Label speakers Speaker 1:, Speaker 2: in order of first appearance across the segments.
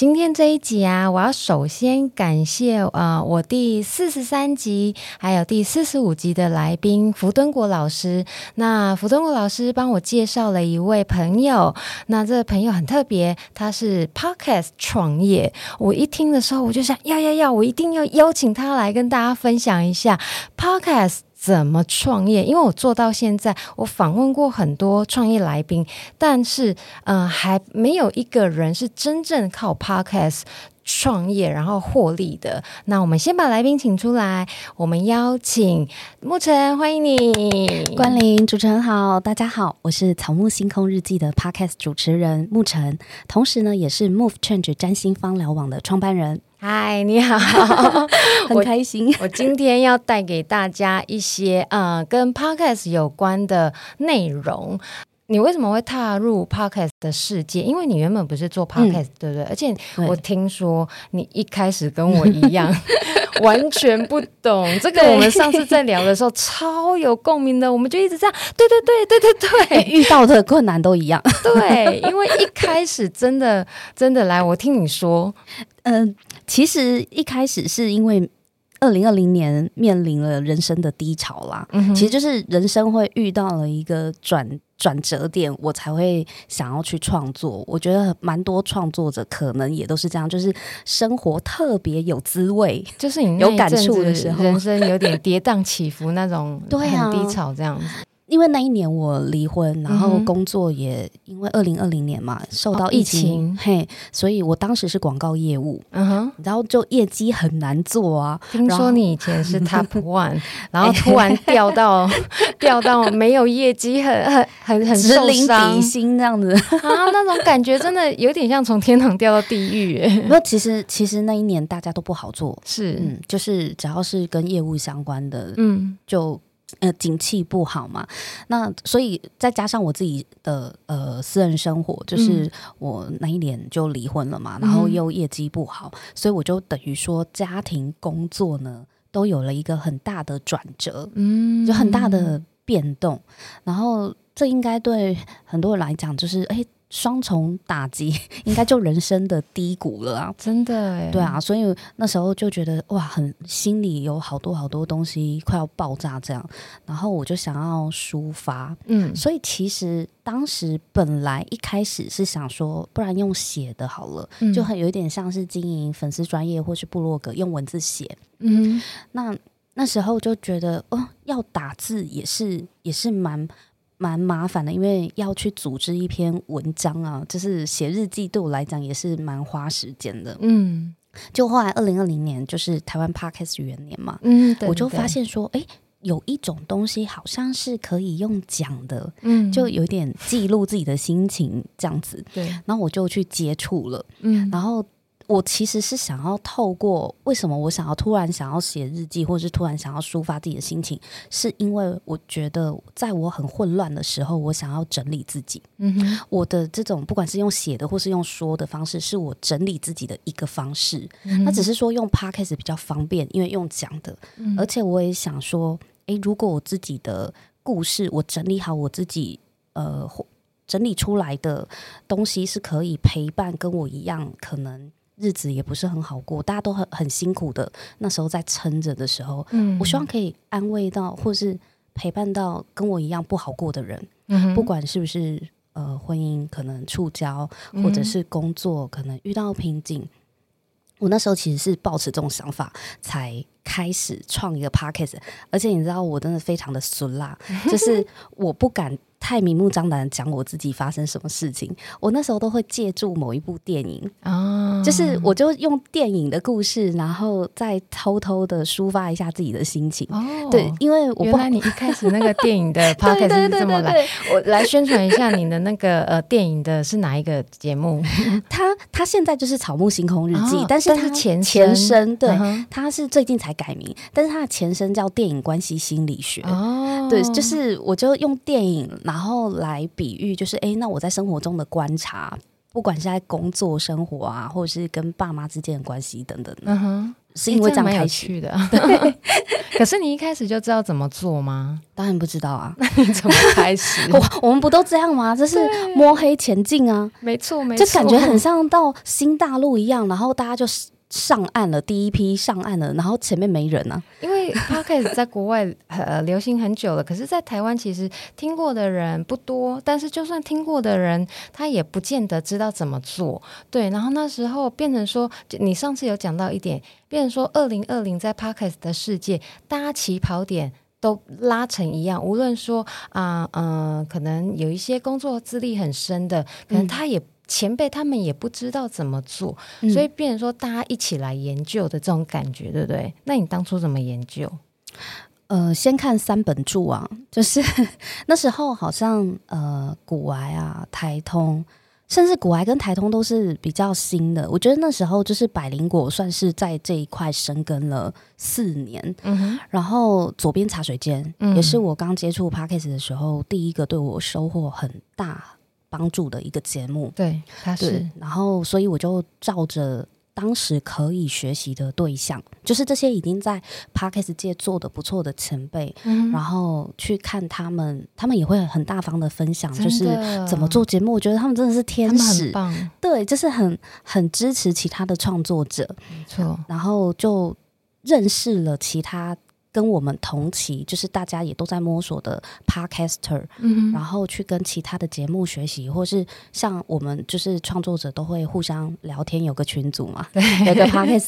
Speaker 1: 今天這一集啊，我要首先感謝，呃，我第四十三集還有第四十五集的來賓福敦國老師。那福敦國老師幫我介紹了一位朋友，那這個朋友很特別，他是 Podcast 創業。我一聽的時候，我就想，要，要，要，我一定要邀請他來跟大家分享一下 Podcast。怎麼創業？因為我做到現在，我訪問過很多創業來賓，但是呃還沒有一個人是真正靠 podcast 創業然後獲利的。那我們先把來賓請出來，我們邀請牧澄，歡迎
Speaker 2: 你，光臨。主持人好，大家好，我是草木星空日記的 podcast 主持人牧澄，同時呢也是 Move Change 占星芳療網的創辦人。嗨，Hi,
Speaker 1: 你好， 很開心。我，我今天要帶給大家一些呃，跟 podcast 有關的內容。你為什麼會踏入 podcast 的世界？因為你原本不是做 podcast，嗯、對不對？而且我聽說你一開始跟我一樣，對完全不懂 這個。我們上次在聊的時候，對超有共鳴的。我們就一直這樣，對
Speaker 2: 對對對對對，遇到的困難都一樣。
Speaker 1: 對， 因
Speaker 2: 為一開始真的真的來，我聽你說，嗯、呃，其實一開始是因為二零二零年面臨了人生的低潮啦，嗯、哼其實就是人生會遇到了一個轉。轉折點，我才會想要去創作。我覺得蠻多創作者可能也都是這樣，就是生活特別有滋味，就是你有感觸的時候， 人生有點跌宕起伏那種，對，很低潮這樣子。因為那一年我離婚，然後工作也因為二零二零年嘛受到疫情，哦、疫情嘿，所以我當時是廣告業務，嗯哼，然後就業績很難做啊。聽說你以前是 Top One，然後、嗯、然後突然
Speaker 1: 掉到 掉到沒有業績，很很很很只領底薪這樣子啊，然
Speaker 2: 後那種感覺真的有點像從天堂掉到地獄哎、欸。那其實其實那一年大家都不好做，是、嗯，就是只要是跟業務相關的，嗯，就。呃，景氣不好嘛，那所以再加上我自己的呃私人生活，就是我那一年就離婚了嘛，嗯、然後又業績不好，所以我就等於說家庭工作呢都有了一個很大的轉折，嗯，有很大的變動，嗯、然後這應該對很多人來講就是哎。欸雙重打擊，應該就人生的低谷了啊。真的、欸，對啊，所以那時候就覺得哇，很心裡有好多好多東西快要爆炸這樣，然後我就想要抒發，嗯，所以其實當時本來一開始是想說，不然用寫的好了，就很有一點像是經營粉絲專業或是部落格，用文字寫，嗯那，那那時候就覺得哦，要打字也是也是蠻。蠻麻煩的，因為要去組織一篇文章啊，就是寫日記，對我來講也是蠻花時間的。嗯，就後來二零二零年，就是台灣 Podcast 元年嘛，嗯，對對對，我就發現說，哎、欸，有一種東西好像是可以用講的，嗯，就有點記錄自己的心情這樣子。對，然後我就去接觸了，嗯，然後。我其實是想要透過為什麼我想要突然想要寫日記，或者是突然想要抒發自己的心情，是因為我覺得在我很混亂的時候，我想要整理自己。嗯哼，我的這種不管是用寫的或是用說的方式，是我整理自己的一個方式。嗯哼，那只是說用 Podcast 比較方便，因為用講的，嗯、而且我也想說，誒、欸，如果我自己的故事，我整理好我自己，呃，整理出來的東西是可以陪伴跟我一樣可能。日子也不是很好過，大家都很很辛苦的。那時候在撐着的時候，嗯、我希望可以安慰到，或是陪伴到跟我一樣不好過的人。嗯、哼不管是不是呃婚姻可能觸礁，或者是工作可能遇到瓶頸，嗯、哼我那時候其實是抱持這種想法才開始創一個 Podcast，而且你知道，我真的非常的慫啦，就是我不敢。太明目張膽講我自己發生什麼事情，我那時候都會借助某一部電影啊，就是我就用電影的故事，然後再偷偷的抒發一下自己的心情。對，因為我不然你一開
Speaker 1: 始那個電影的 podcast 是這麼來，我來宣傳一下你的那個呃電影的是哪一個節
Speaker 2: 目？他他現在就是《草木星空日記》，但是他前前身，對，他是最近才改名，但是他的前身叫《電影關係心理學》。對，就是我就用電影。然後來比喻，就是哎，那我在生活中的觀察，不管是在工作、生活啊，或者是跟爸媽之間的關係等等，嗯哼，是因為這樣開始的。對 可是你一開始就知道怎麼做嗎？當然不知道啊， 那你怎麼開始 我？我們不都這樣嗎？就是摸黑前進啊，沒錯，沒錯，就感覺很像到新大陸一樣，然後大家就上岸了，第一批上岸了，然後前面沒人呢、啊。Podcast 在國外呃流行很久
Speaker 1: 了，可是，在台灣其實聽過的人不多。但是，就算聽過的人，他也不見得知道怎麼做。對，然後那時候變成說，你上次有講到一點，變成說，二零二零在 Podcast 的世界，大家起跑點都拉成一樣。無論說啊，嗯、呃呃，可能有一些工作資歷很深的，可能他也。前輩他們也不知道怎麼做，所以變成說大家一起來研究的這
Speaker 2: 種感覺，嗯、對不對？那你當初怎麼研究？呃，先看三本柱啊，就是 那時候好像呃，股癌啊、台通，甚至股癌跟台通都是比較新的。我覺得那時候就是百靈果算是在這一塊深耕了四年。嗯、哼然後左邊茶水間，嗯、也是我剛接觸 Podcast 的時候第一個對我收穫很大幫助的一個節目，對，他是，然後所以我就照着當時可以學習的對象，就是這些已經在 Podcast 界做得不錯的前輩，嗯、然後去看他們，他們也會很大方的分享，就是怎麼做節目。我覺得他們真的是天使，對，就是很很支持其他的創作者，沒錯、啊，然後就認識了其他。跟我們同期，就是大家也都在摸索的 Podcaster，然後去跟其他的節目學習，或是像我們就是創作者都會互相聊天，有個群組嘛，對有個 Podcast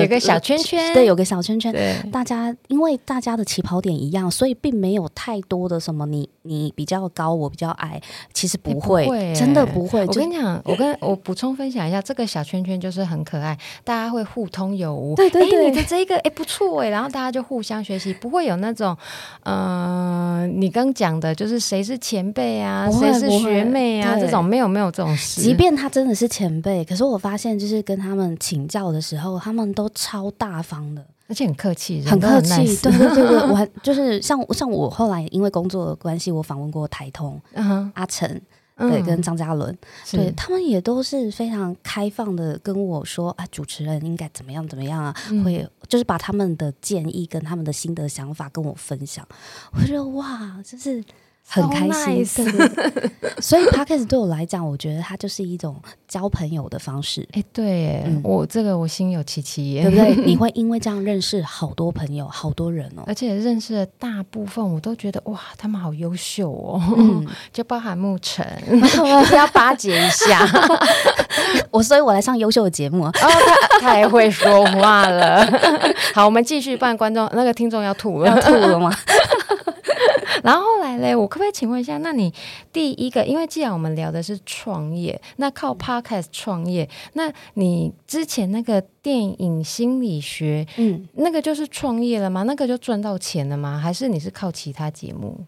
Speaker 2: 有個小圈圈，呃，對，有個小圈圈，對大家因為大家的起跑點一樣，所以並沒有太多的什麼你，你你比較高，我比較矮，其實不會，欸不會欸，真的不會。對就我跟你講，我跟我補充分享一下， 這個小圈圈就是很可愛，大家會互通有無。對對對，欸，你的這
Speaker 1: 個哎，欸，不錯哎，欸，然後大家就互相。學習不會有那種，呃，你剛講的就是誰是前輩啊，會誰是學妹啊，這種沒有沒有這種事。即便
Speaker 2: 他真的是前輩，可是我發現就是跟他們請教的時候，他們都超大方的，而且很客氣，很，很客氣。對對對， 我很就是像像我後來因為工作的關係，我訪問過台通，uh huh. 阿成。對，跟張嘉倫，嗯、對他們也都是非常開放的跟我說啊，主持人應該怎麼樣怎麼樣啊，嗯、會就是把他們的建議跟他們的心得想法跟我分享，我覺得哇，真是。So nice. 很開心，所以 podcast 對我來講，我覺得它就是一種交朋友的方式。哎、欸，對，嗯、我這個我心有戚戚，對不對？ 你會因為這樣認識好多朋友，好多人哦、喔，而且認
Speaker 1: 識的大部分我都覺得哇，他們好優秀哦、喔，嗯、就包含牧澄， 要巴結一下我，
Speaker 2: 所以我來上優秀的節目，
Speaker 1: 太、oh, 會說話了。 好，我們繼續辦觀眾，那個聽眾要吐了，要吐了嗎？.然後來嘞，我可不可以請問一下？那你第一個，因為既然我們聊的是創業，那靠 Podcast 創業，那你之前那個電影心理
Speaker 2: 學，嗯，那
Speaker 1: 個就是創業了嗎？那個就賺到錢了嗎？還是你是靠其他節目？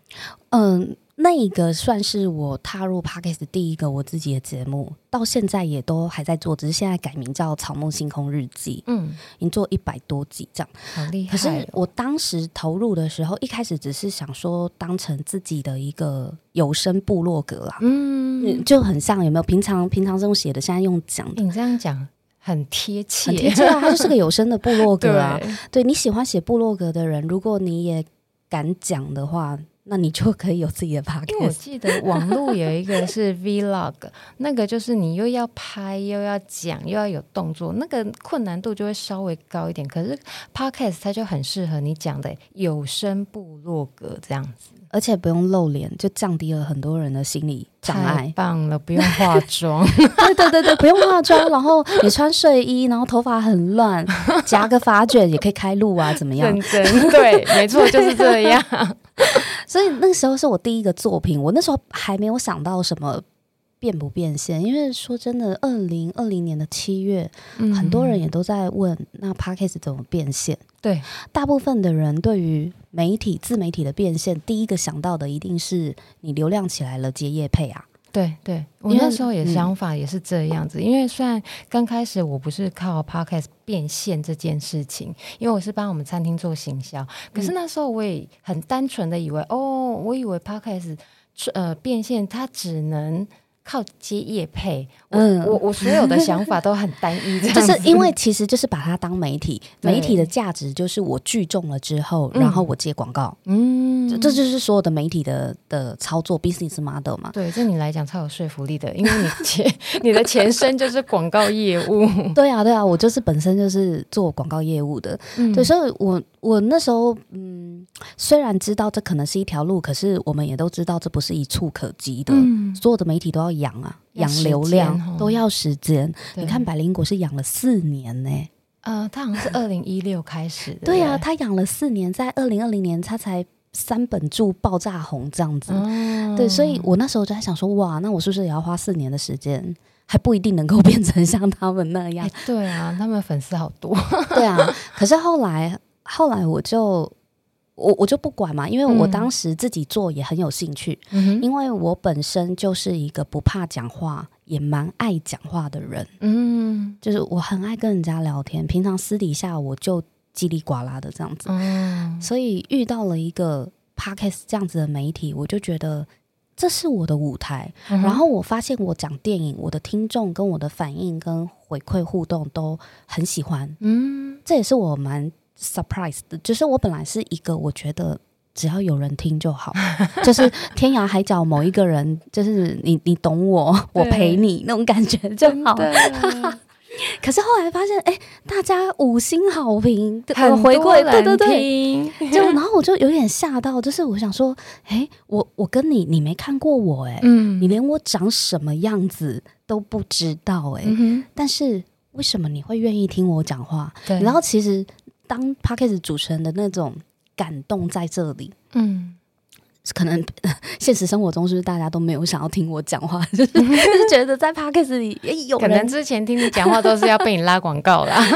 Speaker 2: 嗯。那一個算是我踏入 podcast 的第一個我自己的節目，到現在也都還在做，只是現在改名叫《草木星空日記》。
Speaker 3: 嗯，
Speaker 2: 你做一百多集這樣，好厲害哦！可是我當時投入的時候，一開始只是想說當成自己的一個有聲部落格啦。嗯，就很像有沒有？平常平常是用寫的，現在用講。欸。你這樣講很貼切，貼切啊，它 就是個有聲的部落格。啊。對，對你喜歡寫部落格的人，如果你也敢講的話。那你就可以有自己的 podcast。因為我記得網絡有
Speaker 1: 一個是 vlog， 那個就是你又要拍又要講又要有動作，那個困難度就會稍微高一點。可是 podcast 它就很適合你講的有聲部落格這樣子，
Speaker 2: 而且不用露臉，就降低了很多人的心理障礙。太棒了，不用化妝。 對對對對，不用化妝， 然後你穿睡衣，然後頭髮很亂， 夾個髮捲也可以開錄啊？怎麼樣？真真對，沒錯， 啊、就是這樣。所以那個時候是我第一個作品，我那時候還沒有想到什麼變不變現，因為說真的，二零二零年的七月，嗯、哼很多人也都在問，那 Podcast 怎麼變現？對，大部分的人對於媒體自媒體的變現，第一個想到的一定是你流量起來了接業配啊。
Speaker 1: 對對，我那時候也想法也是這樣子，嗯、因為雖然剛開始我不是靠 Podcast 變現這件事情，因為我是幫我們餐廳做行銷，可是那時候我也很單純的以為，嗯、哦，我以為 Podcast 呃變現它只能靠接業配。嗯，我我所有的想法都很單一，就是因為
Speaker 2: 其實就是把它當媒體，媒體的價值就是我聚眾了之後，然後我接廣告，
Speaker 1: 嗯，這就是所
Speaker 2: 有的媒體的的操作，business model 嘛。對，對你來講才有說服力的，因為你前你的前身
Speaker 1: 就是廣告業務。
Speaker 2: 對啊，對啊，我就是本身就是做廣告業務的，對，所以我我那時候嗯，雖然知道這可能是一條路，可是我們也都知道這不是一蹴可及的，所有的媒體都要養啊。養流量要都要時間，對你看百靈果是養了四年呢，欸。呃，他好像是二零一六開始。 對啊，他養了四年，在二零二零年他才三本柱爆炸紅這樣子。嗯，對，所以我那時候就在想說，哇，那我是不是也要花四年的時間，還不一定能夠變成像他們那樣？欸，對啊， 他們粉絲好多。 對啊，可是後來後來我就。我我就不管嘛，因為我當時自己做也很有興趣，嗯、哼因為我本身就是一個不怕講話，也蠻愛講話的人，嗯哼，就是我很愛跟人家聊天，平常私底下我就嘰里呱啦的這樣子，嗯、哼所以遇到了一個 podcast 這樣子的媒體，我就覺得這是我的舞台，嗯、哼然後我發現我講電影，我的聽眾跟我的反應跟回饋互動都很喜歡，嗯哼，這也是我蠻。surprise 的，就是我本來是一個我覺得只要有人聽就好， 就是天涯海角某一個人，就是你你懂我，我陪你對 那種感覺就好。對 可是後來發現，哎、欸，大家五星好評，很多 回饋聽對對對，
Speaker 3: 就 然
Speaker 2: 後我就有點嚇到，就是我想說，哎、欸，我我跟你，你沒看過我、欸，哎，嗯、你連我長什麼樣子都不知道、欸，哎，嗯、哼 但是為什麼你會願意聽我講話？對 然後其實。當 Podcast 主持人的那種感動在這裡，嗯，可能現實生活中是不是大家都沒有想要聽我講話，就是、嗯、哼是覺得在 Podcast 裡也有。可能之前聽你講話都是要被你拉廣告啦、啊。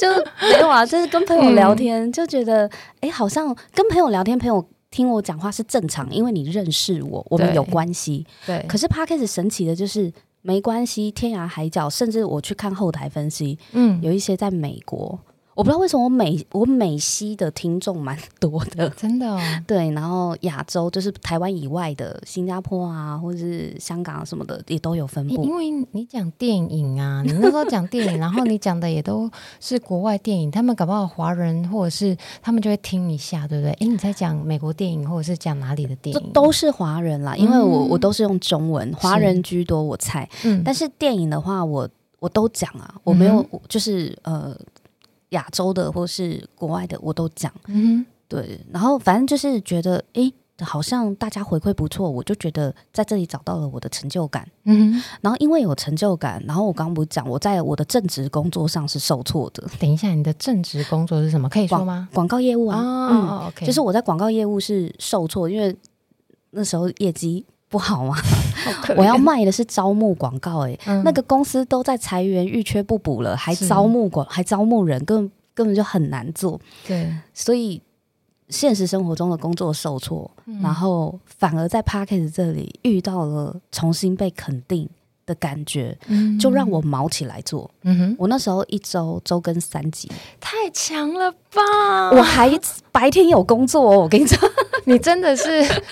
Speaker 2: 就沒有啊，就是跟朋友聊天、嗯、就覺得，哎、欸，好像跟朋友聊天，朋友聽我講話是正常，因為你認識我，我們有關係。對，可是 Podcast 神奇的就是沒關係，天涯海角，甚至我去看後台分析，嗯，有一些在美國。我不知道為什麼我美我美西的聽眾蠻多的，真的哦。對，然後亞洲就是台灣以外的新加坡啊，或者是香港什麼的，也都有分布。欸、因為
Speaker 1: 你講電影啊，你那時候講電影， 然後你講的也都是國外電影， 他們搞不好華人或者是他們就會聽一下，對不對？誒、欸，你在講美國電影，或者是講哪裡
Speaker 2: 的電影？都是華人啦，因為我、嗯、我都是用中文，華人居多，我猜。嗯，但是電影的話，我我都講啊，我沒有，嗯、就是呃。亞洲的或是國外的我都講，嗯哼，對，然後反正就是覺得，哎、欸，好像大家回饋不錯，我就覺得在這裡找到了我的成就感，嗯哼，然後因為有成就感，然後我剛剛不是講，我在我的正職工作上是受挫的。等一下，你的正職工作是什麼？可以說嗎？廣告業務啊，哦、嗯，哦 okay、就是我在廣告業務是受挫，因為那時候業績。不好嗎？好可我要賣的是招募廣告，哎，那個公司都在裁員，遇缺不補了，還招募廣，是 還招募人，根本根本就很難做。對，所以現實生活中的工作受挫，嗯、然後反而在 Podcast 這裡遇到了重新被肯定的感覺，嗯、哼 就讓我毛起來做。嗯哼，我那時候一周周更三集，
Speaker 1: 太強了吧！我
Speaker 2: 還白天有工作、哦，我跟你說。 你真
Speaker 1: 的是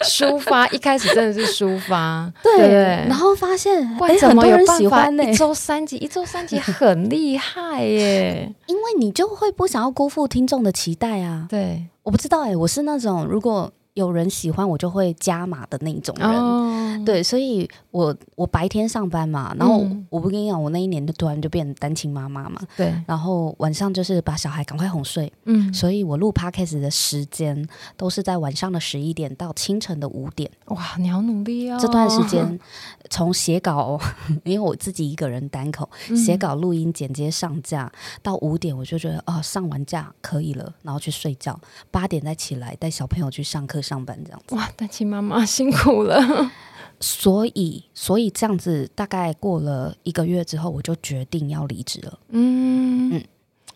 Speaker 1: 抒發， 一開始真的是
Speaker 2: 抒發，對，對吧，然後
Speaker 1: 發現哎，怎麼有、欸欸、人喜歡呢、欸？一周三集，一周三集
Speaker 2: 很厲害耶、欸， 因為你就會不想要辜負聽眾的期待啊。對，我不知道哎、欸，我是那種如果。有人喜歡我就會加碼的那種人。oh. 對，所以我我白天上班嘛，嗯、然後我不跟你講，我那一年就突然就變單親媽媽嘛，對，然後晚上就是把小孩趕快哄睡，嗯，所以我錄 Podcast 的時間都是在晚上的十一點到清晨的五點，哇，
Speaker 1: 你好努力啊、哦！這段時間
Speaker 2: 從寫稿，因為我自己一個人單口寫稿、錄音、剪接上、上架、嗯、到五點，我就覺得哦、呃，上完架可以了，然後去睡覺，八點再起來帶小朋友去上課。上班這樣子。哇，單親媽媽辛苦了。所以，所以這樣子大概過了一個月之後，我就決定要離職了。
Speaker 1: 嗯
Speaker 2: 嗯，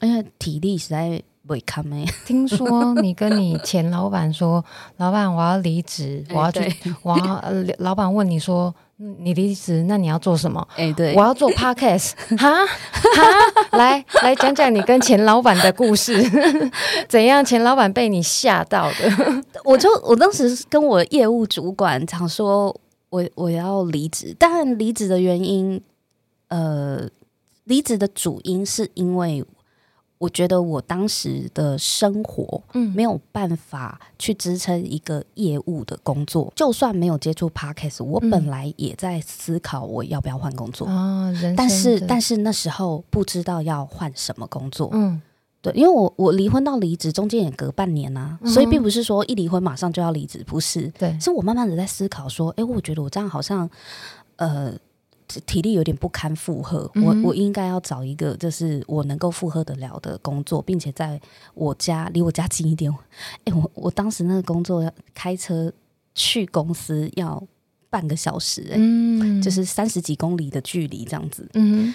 Speaker 2: 因為、嗯、體力實在
Speaker 1: 不堪哎。聽說你跟你前老闆說：“ 老闆，我要離職，我要去。欸”我要、呃、老闆問你說。你離職，那你要做什麼？哎、欸，對，我要做 podcast， 哈，哈，來來講講你跟錢老板的故事，
Speaker 2: 怎樣？錢老板被你嚇到的？我就我當時跟我業務主管講，說我我要離職，但離職的原因，呃，離職的主因是因為。我覺得我當時的生活，沒有辦法去支撐一個業務的工作。嗯、就算沒有接觸 podcast，我本來也在思考我要不要換工作，
Speaker 3: 哦、但是，但
Speaker 2: 是那時候不知道要換什麼工作。嗯，對，因為我我離婚到離職中間也隔半年啊，所以並不是說一離婚馬上就要離職，不是。對，是我慢慢的在思考說，哎，我覺得我這樣好像，呃。體力有點不堪負荷，我我應該要找一個，就是我能夠負荷得了的工作，並且在我家離我家近一點。哎、欸，我我當時那個工作，要開車去公司要半個小時，欸，哎、嗯，就是三十幾公里的距離這樣子，對，嗯、哼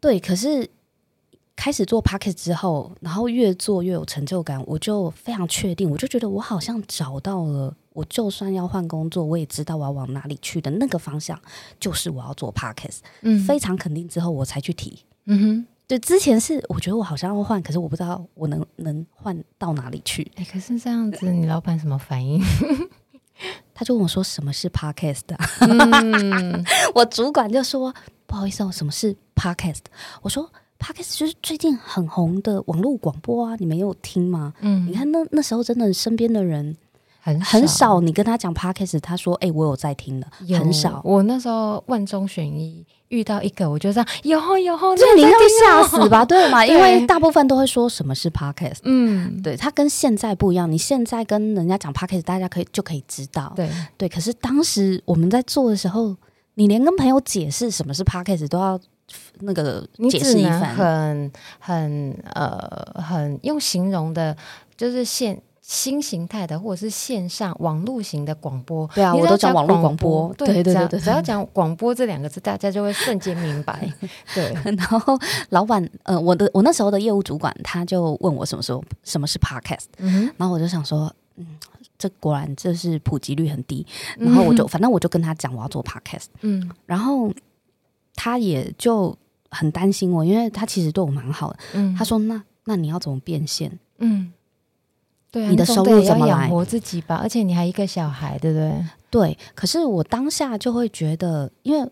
Speaker 2: 對，可是。開始做 Podcast 之後，然後越做越有成就感，我就非常確定，我就覺得我好像找到了，我就算要換工作，我也知道我要往哪裡去的那個方向，就是我要做 Podcast。嗯哼，非常肯定之後我才去提，嗯
Speaker 3: 哼，
Speaker 2: 對，之前是我覺得我好像要換，可是我不知道我能能換到哪裡去。欸，可是這樣子，你老闆什麼反應？ 他就問我說：“什麼是 Podcast？嗯， 我主管就說：“不好意思，哦，什麼是 Podcast 我說。Podcast 就是最近很紅的網絡廣播啊，你沒有聽嗎？嗯，你看那那時候真的身邊的人很很少，很少你跟他講 Podcast 他說：“哎、欸，我有在聽的。有”很少。我那時候萬中選一遇，遇到一個，我就這樣有、哦、
Speaker 1: 有吼、哦，你有在聽就你要嚇死吧？對嘛？對，因為
Speaker 2: 大部分都會說什麼是 Podcast 嗯，對，他跟現在不一樣。你現在跟人家講 Podcast 大家可以就可以知道。對對，可是當時我們在做的時候，你連跟朋友解釋什麼是 Podcast 都要。.那個，你只能很、很、呃、很
Speaker 1: 用形容的，就是線新形態的，或者是線上網絡型的廣播。
Speaker 3: 對啊，我都講網絡廣播，對對對對，對，只要
Speaker 2: 講廣播這兩個字，大家就會瞬間明白。 對， 然後老闆，呃，我的我那時候的業務主管他就問我什麼時候什麼是 podcast、嗯、哼然後我就想說，嗯，這果然這是普及率很低。然後我就、嗯、哼反正我就跟他講我要做 podcast，嗯哼，然後。他也就很擔心我，因為他其實對我蠻好的。嗯、他說：“那那你要怎麼變現？嗯，
Speaker 1: 對，你的收入怎麼來？養活、嗯、自己吧。而且你還一個
Speaker 2: 小孩，對不對？對。可是我當下就會覺得，因為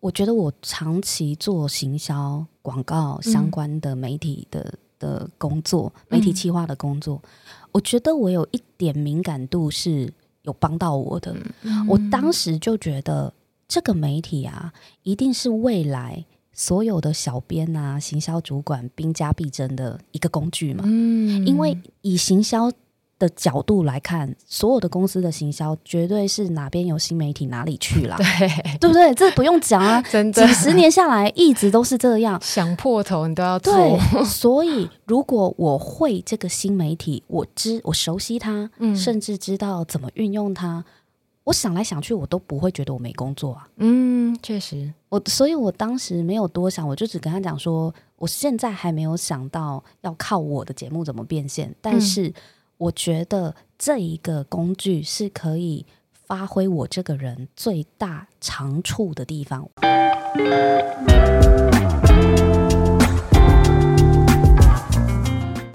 Speaker 2: 我覺得我長期做行銷、廣告相關的媒體的、嗯、的工作，媒體企劃的工作，嗯、我覺得我有一點敏感度是有幫到我的。嗯、我當時就覺得。”這個媒體啊，一定是未來所有的小編啊、行銷主管兵家必爭的一個工具嘛。嗯，因為以行銷的角度來看，所有的公司的行銷絕對是哪邊有新媒體哪裡去了，對，對不對？這不用講啊，真的啊，幾十年下來一直都是這樣，想破頭你都要做。所以，如果我會這個新媒體，我知我熟悉它，嗯、甚至知道怎麼運用它。我想來想去，我都不會覺得我沒工作啊。嗯，確實，我所以，我當時沒有多想，我就只跟他講說，我現在還沒有想到要靠我的節目怎麼變現，嗯，但是我覺得這一個工具是可以發揮我這個人最大長處的地方。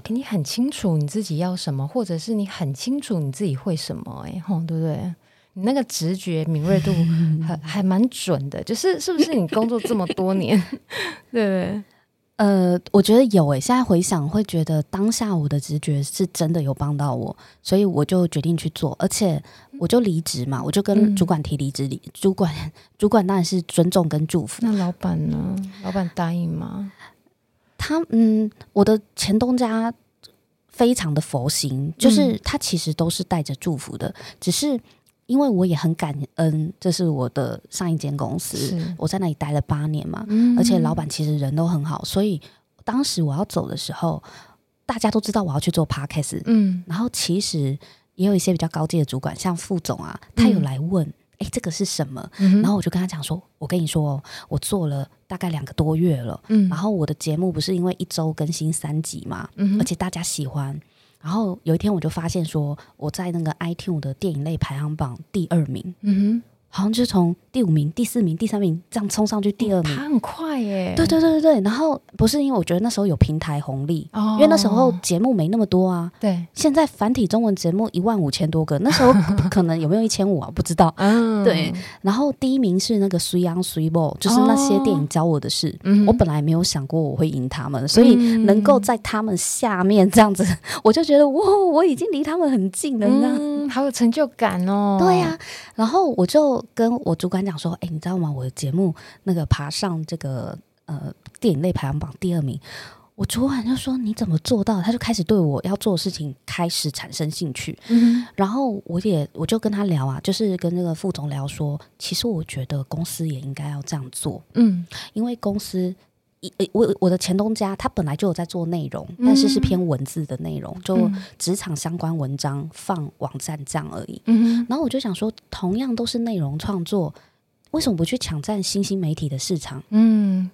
Speaker 2: 你很
Speaker 1: 清楚你自己要什麼，或者是你很清楚你自己會什麼，欸，哎，對不對？
Speaker 2: 你那個直覺敏銳度、嗯、還還蠻準的，就是是不是你工作這麼多年， 對不對？呃，我覺得有誒、欸，現在回想會覺得當下我的直覺是真的有幫到我，所以我就決定去做，而且我就離職嘛，我就跟主管提離職理。理、嗯、主管，主管當然是尊重跟祝福。那老闆呢？老闆答應嗎？他嗯，我的前東家非常的佛心，就是他其實都是帶着祝福的，嗯、只是。因為我也很感恩，這是我的上一間公司，是我在那裡待了八年嘛，嗯、哼而且老板其實人都很好，所以當時我要走的時候，大家都知道我要去做 podcast，嗯、然後其實也有一些比較高級的主管，像副總啊，他有來問，哎、嗯欸，這個是什麼？嗯、哼然後我就跟他講說，我跟你說，哦，我做了大概兩個多月了，嗯、然後我的節目不是因為一周更新三集嘛，嗯、哼而且大家喜歡。然後有一天我就發現說，我在那個 iTunes 的電影類排行榜第二名。嗯哼。好像就是從第五名、第四名、第三名這樣衝上去第二名，哦、他很快耶！對對對對對，然後不是因為我覺得那時候有平台紅利，哦、因為那時候節目沒那麼多啊。對，現在繁體中文節目一萬五千多個，那時候可能有沒有一千五啊？ 不知道。嗯。對，然後第一名是那個《水 ㄤ 水某》，就是那些電影教我的事。哦、嗯。我本來沒有想過我會贏他們，所以能夠在他們下面這樣子，嗯、 我就覺得哇，我已經離他們很近了、啊。嗯，好有成就感哦。對呀、啊，然後我就。跟我主管講說，哎、欸，你知道嗎？我的節目那個爬上這個呃電影類排行榜第二名。我主管就說你怎麼做到？他就開始對我要做的事情開始產生興趣。嗯、哼然後我也我就跟他聊啊，就是跟那個副總聊說，其實我覺得公司也應該要這樣做。嗯，因為公司。我我的前東家，他本來就有在做內容，但是是偏文字的內容，嗯、就職場相關文章放網站這樣而已。嗯、然後我就想說，同樣都是內容創作，為什麼不去搶占新興媒體的市場？嗯。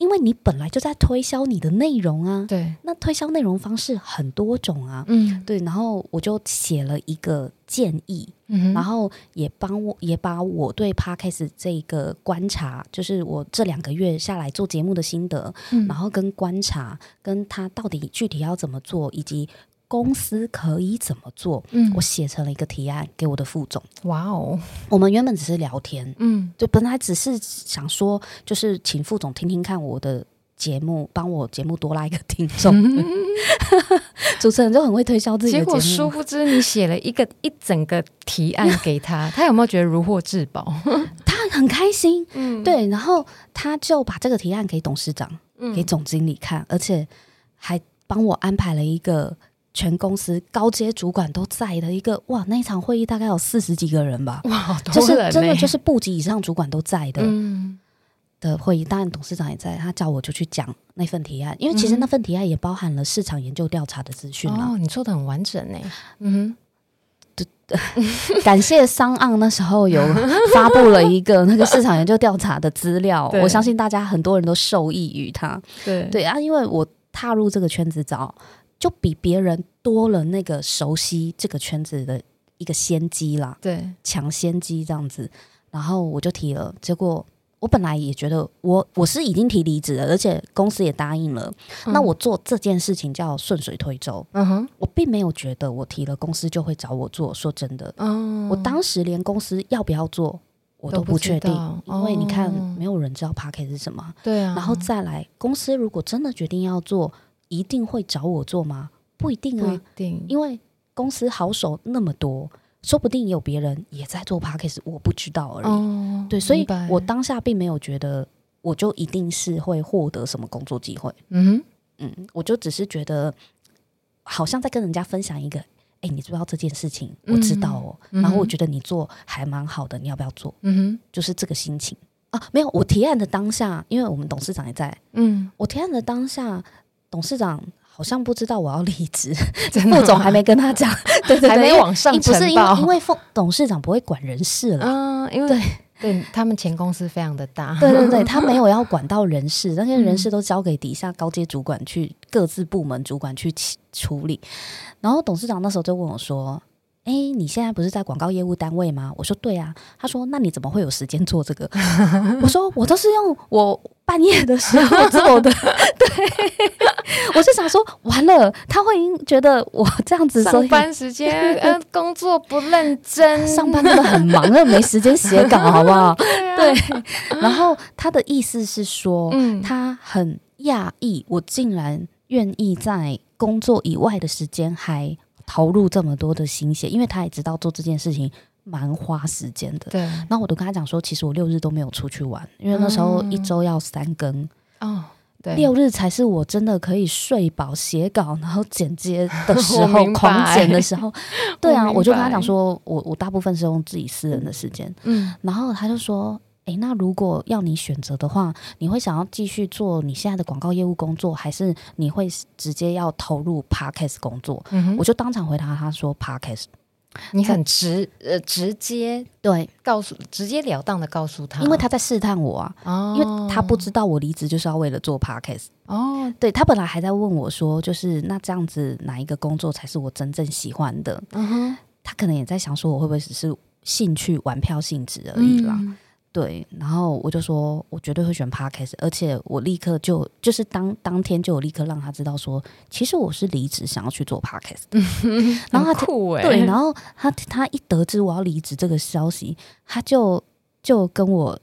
Speaker 2: 因為你本來就在推銷你的內容啊！對，那推銷內容方式很多種啊，嗯，對，然後我就寫了一個建議，嗯哼，然後也幫我也把我對 Podcast 這個觀察，就是我這兩個月下來做節目的心得，嗯，然後跟觀察，跟他到底具體要怎麼做，以及。公司可以怎麼做？嗯，我寫成了一個提案給我的副總。哇哦 Wow！我們原本只是聊天，嗯，就本來只是想說，就是請副總聽聽看我的節目，幫我節目多拉一個聽眾。嗯、 主持人就很會推銷自己的節目，結果殊不知你寫了一個一整個提案給他， 他有沒有覺得如獲至寶？ 他很，很開心，嗯，對。然後他就把這個提案給董事長，嗯、給總經理看，而且還幫我安排了一個。全公司高階主管都在的一個哇，那一場會議大概有四十幾個人吧，
Speaker 3: 哇，就是真的就是
Speaker 2: 部級以上主管都在的，嗯，的會議，當然董事長也在，他叫我就去講那份提案，嗯、因為其實那份提案也包含了市場研究調查的資訊哦，你做得很完整呢、欸，嗯哼， 感謝商案那時候有發布了一個那個市場研究調查的資料，對我相信大家很多人都受益於他，對對啊，因為我踏入這個圈子早。就比別人多了那個熟悉這個圈子的一個先機啦，對，搶先機這樣子。然後我就提了，結果我本來也覺得我我是已經提離職了，而且公司也答應了。嗯、那我做這件事情叫順水推舟，嗯哼，我並沒有覺得我提了公司就會找我做。說真的，嗯、哦，我當時連公司要不要做我都不確定，哦、因為你看沒有人知道 Podcast 是什麼，對啊。然後再來，公司如果真的決定要做。一定會找我做嗎？不一定啊，定因為公司好手那麼多，說不定有別人也在做 package 我不知道而已。哦、對，所以白我當下並沒有覺得我就一定是會獲得什麼工作機會。嗯哼嗯，我就只是覺得好像在跟人家分享一個，哎，你知道這件事情？我知道哦，嗯、哼然後我覺得你做還蠻好的，你要不要做？嗯哼就是這個心情啊。沒有，我提案的當下，因為我們董事長也在。嗯，我提案的當下。董事長好像不知道我要離職，啊、副總還沒跟他講，還沒往上，不是因為因為副董事長不會管人事了、呃，因為對對他們前公司非常的大，對對對，他沒有要管到人事， 那些人事都交給底下高階主管去、嗯、各自部門主管去處理，然後董事長那時候就問我說。哎、欸，你現在不是在廣告業務單位嗎？我說對啊。他說那你怎麼會有時間做這個？ 我說我都是用我半夜的時候做的。 對，我是想說，完了他會覺得我這樣子上班時間所以、 啊、工作不認真， 上班真的很忙，那沒時間寫稿，好不好？ 對。 然後他的意思是說，嗯、他很訝異我竟然願意在工作以外的時間還。投入這麼多的心血，因為他也知道做這件事情蠻花時間的。對。那我都跟他講說，其實我六日都沒有出去玩，因為那時候一周要三更，嗯嗯
Speaker 3: 嗯。哦，對。六
Speaker 2: 日才是我真的可以睡飽、寫稿、然後剪接的時候，狂剪的時候。對啊，我，我就跟他講說，我我大部分是用自己私人的時間。嗯。然後他就說。欸、那如果要你選擇的話，你會想要繼續做你現在的廣告業務工作，還是你會直接要投入 Podcast 工作？嗯哼。我就當場回答他說 Pod：“ Podcast。”你很直
Speaker 1: 呃直接對，告訴直接了當的告訴他，
Speaker 2: 因為他在試探我啊，哦、因為他不知道我離職就是要為了做 Podcast。哦，對，他本來還在問我說，就是那這樣子哪一個工作才是我真正喜歡的？嗯
Speaker 3: 哼，
Speaker 2: 他可能也在想說，我會不會只是興趣玩票性質而已啦。嗯對，然後我就說，我絕對會選 podcast，而且我立刻就就是當當天就有立刻讓他知道說，其實我是離職，想要去做 podcast 的。然後他、欸、對，然後他他一得知我要離職這個消息，他就就跟我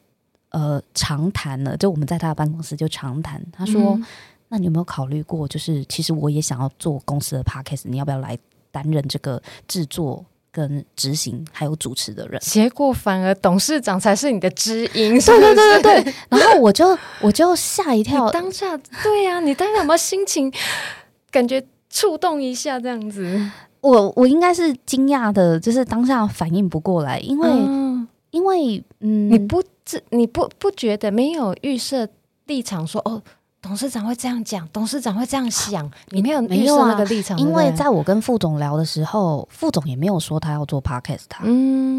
Speaker 2: 呃長談了，就我們在他的辦公室就長談。他說：“嗯、那你有沒有考慮過，就是其實我也想要做公司的 podcast，你要不要來擔任這個制作？”跟執行還有主持的人，結果反而董事長才是你的知音。 對對對對對， 然後我就 我就
Speaker 1: 嚇一跳，當下對呀、啊，你當下有沒有心情 感覺觸動一下這樣子？
Speaker 2: 我我應該是驚訝的，就是當下反應不過來，因為、
Speaker 1: 嗯、因為嗯你，你不不你不不覺得沒有預設立場說哦。董事長會這樣講，董事長會這樣想，你沒有沒有那個立場，啊，因為在
Speaker 2: 我跟副總聊的時候，副總也沒有說他要做 podcast，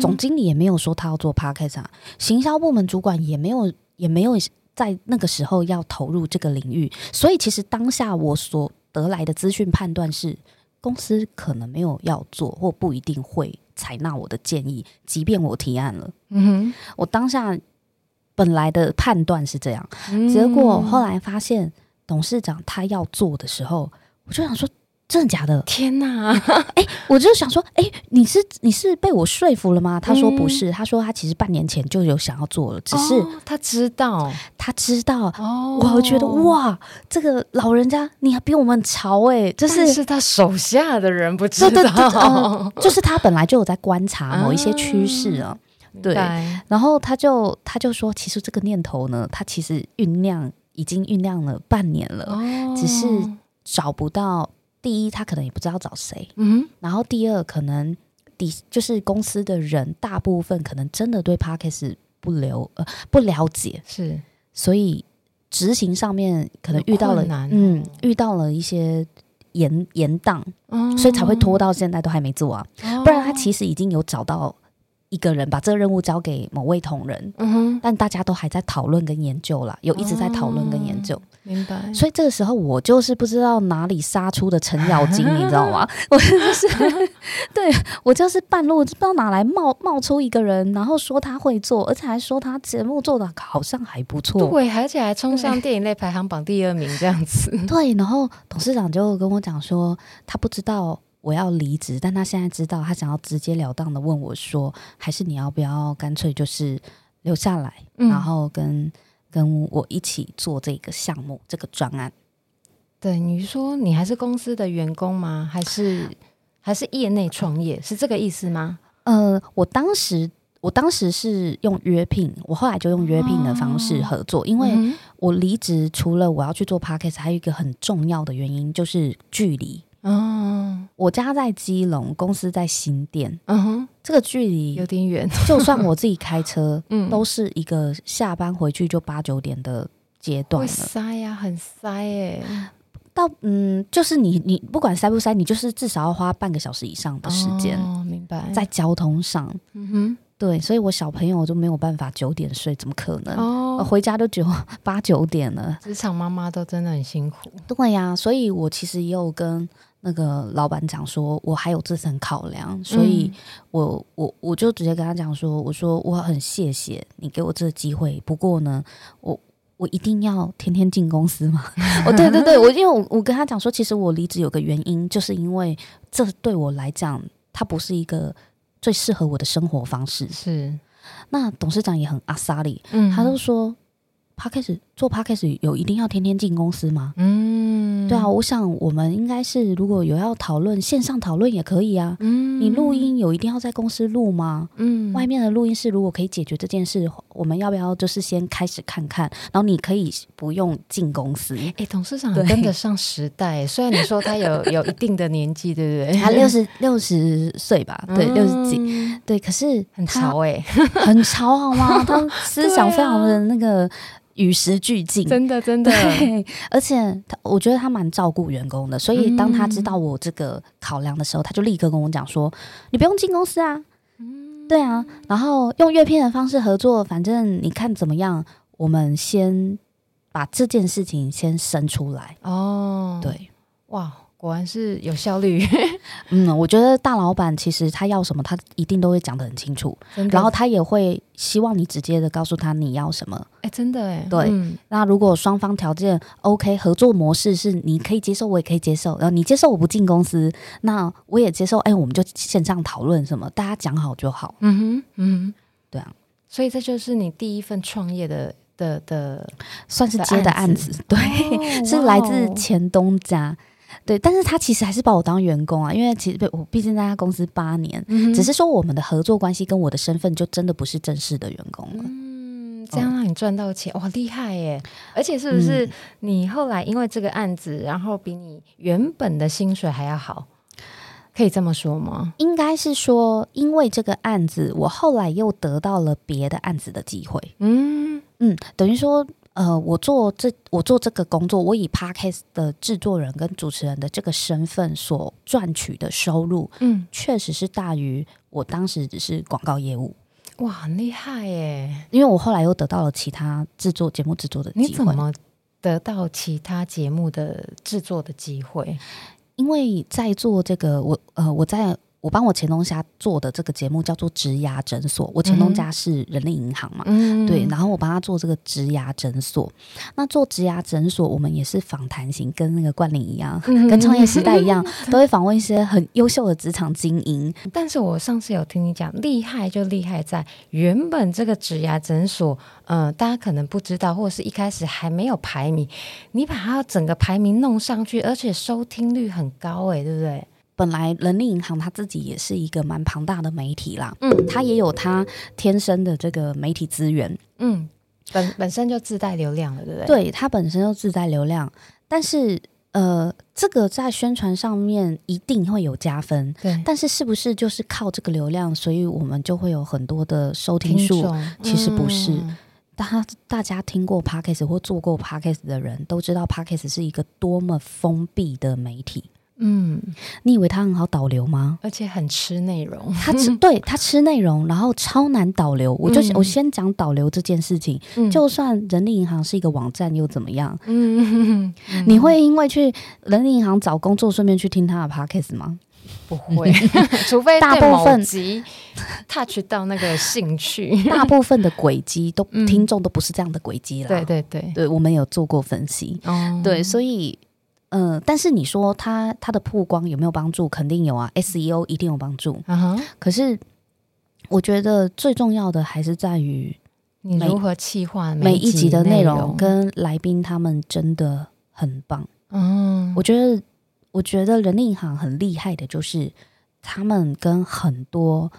Speaker 2: 總經理也沒有說他要做 podcast，行銷部門主管也沒有也沒有在那個時候要投入這個領域，所以其實當下我所得來的資訊判斷是，公司可能沒有要做，或不一定會採納我的建議，即便我提案了，嗯哼，我當下。本來的判斷是這樣，嗯、結果後來發現董事長他要做的時候，我就想說，真的假的？天哪！哎，我就想說，哎、欸，你是你是被我說服了嗎？他說不是，嗯、他說他其實半年前就有想要做了，只是他知道，他知道。知道哦，我覺得哇，這個老人家你還比我們潮誒、欸。就是、是他手
Speaker 1: 下的人不知道、呃，就
Speaker 2: 是他本來就有在觀察某一些趨勢啊。嗯對，白然後他就他就說，其實這個念頭呢，他其實醞釀已經醞釀了半年了，哦、只是找不到。第一，他可能也不知道找誰。嗯，然後第二，可能第就是公司的人大部分可能真的對 Podcast 不留呃不了解，是，所以執行上面可能遇到了難、哦、嗯遇到了一些延延宕，哦、所以才會拖到現在都還沒做啊。哦、不然他其實已經有找到。一個人把這個任務交給某位同仁，嗯哼，但大家都還在討論跟研究啦，有一直在討論跟研究，啊、明白。所以這個時候我就是不知道哪裡殺出的程咬金，啊、你知道嗎？啊、我就是、啊、 對我就是半路不知道哪來冒冒出一個人，然後說他會做，而且還說他節目做得好像還不錯，對，而且還衝上電影類排行榜第二名這樣子。對，對，然後董事長就跟我講說，他不知道。我要離職，但他現在知道，他想要直截了當的問我說：“還是你要不要乾脆就是留下來，嗯、然後跟跟我一起做這個項目，這個專案？”等於說，你還是公司的員工嗎？還
Speaker 1: 是還是業內創業、嗯、是這個意思嗎？
Speaker 2: 呃，我當時我當時是用約聘，我後來就用約聘的方式合作，哦、因為我離職除了我要去做 Podcast，還有一個很重要的原因就是距離。哦，oh. 我家在基隆，公司在新店，嗯哼、uh，huh. 這個距離有點遠。就算我自己開車， 嗯，都是一個下班回去就八九點的階段。塞呀、啊，很塞哎、欸。到嗯，就是你你不管塞不塞，你就是至少要花半個小時以上的時間。
Speaker 1: 哦，明白。在
Speaker 2: 交通上，嗯
Speaker 1: 哼、
Speaker 2: oh，對。所以我小朋友都沒有辦法九點睡，怎麼可能？哦，oh. 回家都九八九點了。
Speaker 1: 職場媽媽都真的很辛苦。
Speaker 2: 對呀、啊，所以我其實也有跟。那個老闆講說，我還有這層考量，所以我我我就直接跟他講說，我說我很謝謝你給我這個機會，不過呢，我我一定要天天進公司嗎？哦， oh, 對對對，我因為我我跟他講說，其實我離職有個原因，就是因為這對我來講，它不是一個最適合我的生活方式。是，那董事長也很阿薩里，嗯哼，他就說他開始。做 podcast 有一定要天天進公司嗎？嗯，對啊，我想我們應該是如果有要討論，線上討論也可以啊。嗯，你錄音有一定要在公司錄嗎？嗯，外面的錄音室如果可以解決這件事，我們要不要就是先開始看看？然後你可以不用進公司。誒、欸，董事長對跟得上時代，雖然你說他有 有一定的年紀，對不對？他六十六十歲吧？對，六十、嗯、幾。對，可是很潮誒、欸， 很潮好嗎？他思想非常的那個。 與時俱進真、真的真的，對，而且他我覺得他蠻照顧員工的，所以當他知道我這個考量的時候，嗯、哼他就立刻跟我講說：“你不用進公司啊，嗯、對啊，然後用約聘的方式合作，反正你看怎麼樣，我們先把這件事情先生出來。”
Speaker 1: 哦，對，哇。
Speaker 2: 果然是有效率。嗯，我覺得大老板其實他要什麼，他一定都會講得很清楚。真的，然後他也會希望你直接的告訴他你要什麼。
Speaker 1: 哎，真的哎。對。嗯、
Speaker 2: 那如果雙方條件 OK，合作模式是你可以接受，我也可以接受。然後你接受我不進公司，那我也接受。哎，我們就線上討論什麼，大家講好就好。嗯哼，嗯哼，對啊。
Speaker 1: 所以這就是你第一份創業的的的，的算是接的案子，案子對，哦、是來自前
Speaker 2: 東家。對，但是他其實還是把我當員工啊，因為其實我畢竟在他公司八年，嗯、只是說我們的合作關係跟我的身份就真的不是正式的員工了。嗯，
Speaker 1: 這樣讓你賺到錢，哇、哦哦，厲害耶！而且是不是你後來因為這個案子，嗯、然後比你原本的薪水還要好？
Speaker 2: 可以這麼說嗎？應該是說，因為這個案子，我後來又得到了別的案子的機會。嗯嗯，等於說。呃，我做這，我做這個工作，我以帕 o d s 的製作人跟主持人的這個身份所賺取的收入，嗯，確實是大於我當時只是廣告業務。哇，很厲害耶！因為我後來又得到了其他製作節目製作的機會。你怎麼
Speaker 1: 得到其他節目的製作的機會？
Speaker 2: 因為在做這個，我呃，我在。我幫我前東家做的這個節目叫做職涯診所，我前東家是人力銀行嘛，嗯、對，然後我幫他做這個職涯診所。那做職涯診所，我們也是訪談型，跟那個冠霖一樣，跟創業時代一樣，嗯、都會訪問一些很優秀的職場精英。但是我上次有聽你講，厲害就厲害在
Speaker 1: 原本這個職涯診所，嗯、呃，大家可能不知道，或者是一開始還沒有排
Speaker 2: 名，你把它整個排名弄上去，而且收聽率很高，欸，哎，對不對？本來，人力銀行它自己也是一個蠻龐大的媒體啦，嗯，它也有它天生的這個媒體資源，嗯，
Speaker 1: 本本身就自帶流量了，對不對？
Speaker 2: 對，它本身就自帶流量，但是呃，這個在宣傳上面一定會有加分，對。但是是不是就是靠這個流量，所以我們就會有很多的收聽數？聽眾，其實不是，嗯嗯，大家，大家聽過 Podcast 或做過 Podcast 的人都知道，Podcast 是一個多麼封閉的媒體。嗯，你以為它很好導流嗎？而且很吃內容，它吃對它吃內容，然後超難導流。嗯、我就我先講導流這件事情，嗯、就算人力銀行是一個網站又怎麼樣？嗯，嗯你會因為去人力銀行找工作，順便去聽他的 podcast 嗎？不會，除非大部分
Speaker 1: 及 touch 到那個興趣大，大部
Speaker 2: 分的軌跡都聽眾都不是這樣的軌跡了、嗯。對對對，對我們有做過分析，哦、對，所以。嗯、呃，但是你說他他的曝光有沒有幫助？肯定有啊，SEO 一定有幫助。嗯哼、uh。Huh. 可是我覺得最重要的還是在於你如何企劃每，每一集的內容，跟來賓他們真的很棒。嗯、uh huh.，我覺得我覺得人力銀行很厲害的，就是他們跟很多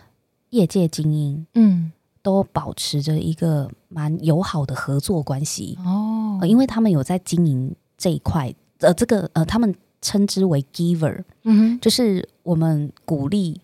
Speaker 2: 業界精英，嗯，都保持着一個蠻友好的合作關係。哦、uh，huh. 因為他們有在經營這一塊。呃，這個呃，他們稱之為 giver，嗯哼，就是我們鼓勵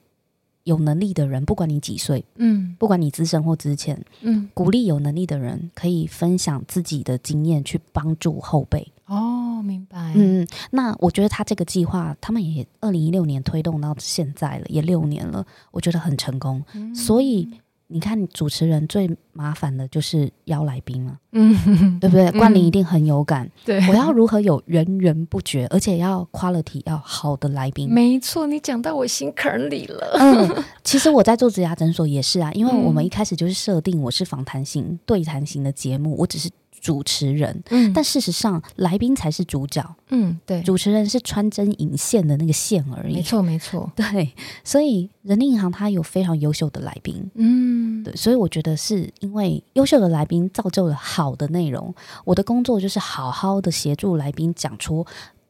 Speaker 2: 有能力的人，不管你幾歲，嗯，不管你資深或資淺，嗯，鼓勵有能力的人可以分享自己的經驗去幫助後輩。
Speaker 1: 哦，明
Speaker 2: 白。嗯，那我覺得他這個計劃，他們也二零一六年推動到現在了，也六年了，我覺得很成功。嗯。所以。你看，主持人最麻煩的就是邀來賓
Speaker 3: 了，嗯呵， 對不對？冠霖一
Speaker 2: 定很有感，對、嗯，我要如何有源源不絕，而且要 quality 要好的來賓？沒
Speaker 1: 錯，你講到我心坎裡了。嗯，
Speaker 2: 其實我在做職涯診所也是啊，因為我們一開始就是設定我是訪談型、對談型的節目，我只是。主持人，但事實上，嗯、來賓才是主角，嗯，對，主持人是穿針引線的那個線而已，沒錯，沒錯，對，所以，人力銀行它有非常優秀的來賓，嗯，對，所以我覺得是因為優秀的來賓造就了好的內容，我的工作就是好好的協助來賓講出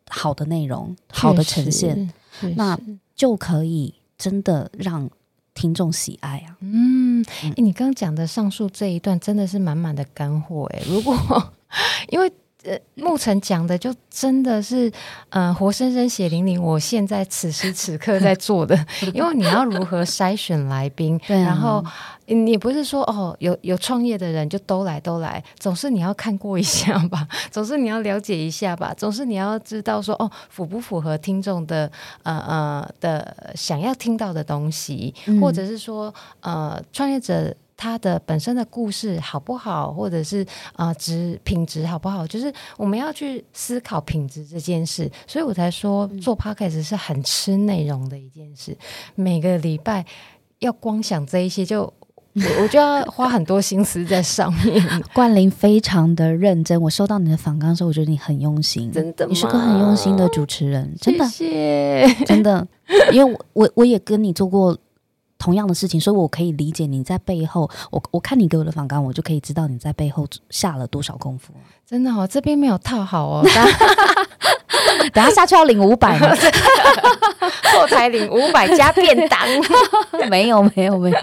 Speaker 2: 好的內容，實好的呈現，實那就可以真的讓。聽眾喜愛啊！嗯，
Speaker 1: 欸、你剛剛講的上述這一段真的是滿滿的乾貨哎、欸。如果因為。呃，牧澄講的就真的是，呃，活生生、血淋淋，我現在此時此刻在做的， 因為你要如何篩選來賓，對， 然後你不是說哦，有有創業的人就都來都來，總是你要看過一下吧，總是你要了解一下吧，總是你要知道說哦，符不符合聽眾的呃呃的想要聽到的東西，嗯、或者是說呃，創業者。他的本身的故事好不好，或者是啊、呃，值品質好不好？就是我們要去思考品質這件事，所以我才說做 podcast 是很吃內容的一件事。嗯、每個禮拜要光想這一些，就我，我就要
Speaker 2: 花很多心思在上面。冠霖 非常的認真，我收到你的訪綱時候，我覺得你很用心，真的，你是個很用心的主持人，謝
Speaker 3: 謝，真
Speaker 2: 的，真的，因為我我，我也跟你做過。同樣的事情，所以我可以理解你在背後，我我看你給我的訪綱，我就可以知道你在背後下了多少功夫。真的，
Speaker 1: 哦，這邊沒有套好哦， 等
Speaker 2: 下下去要領五百呢， 後台領五百加便當， 沒有沒有沒有。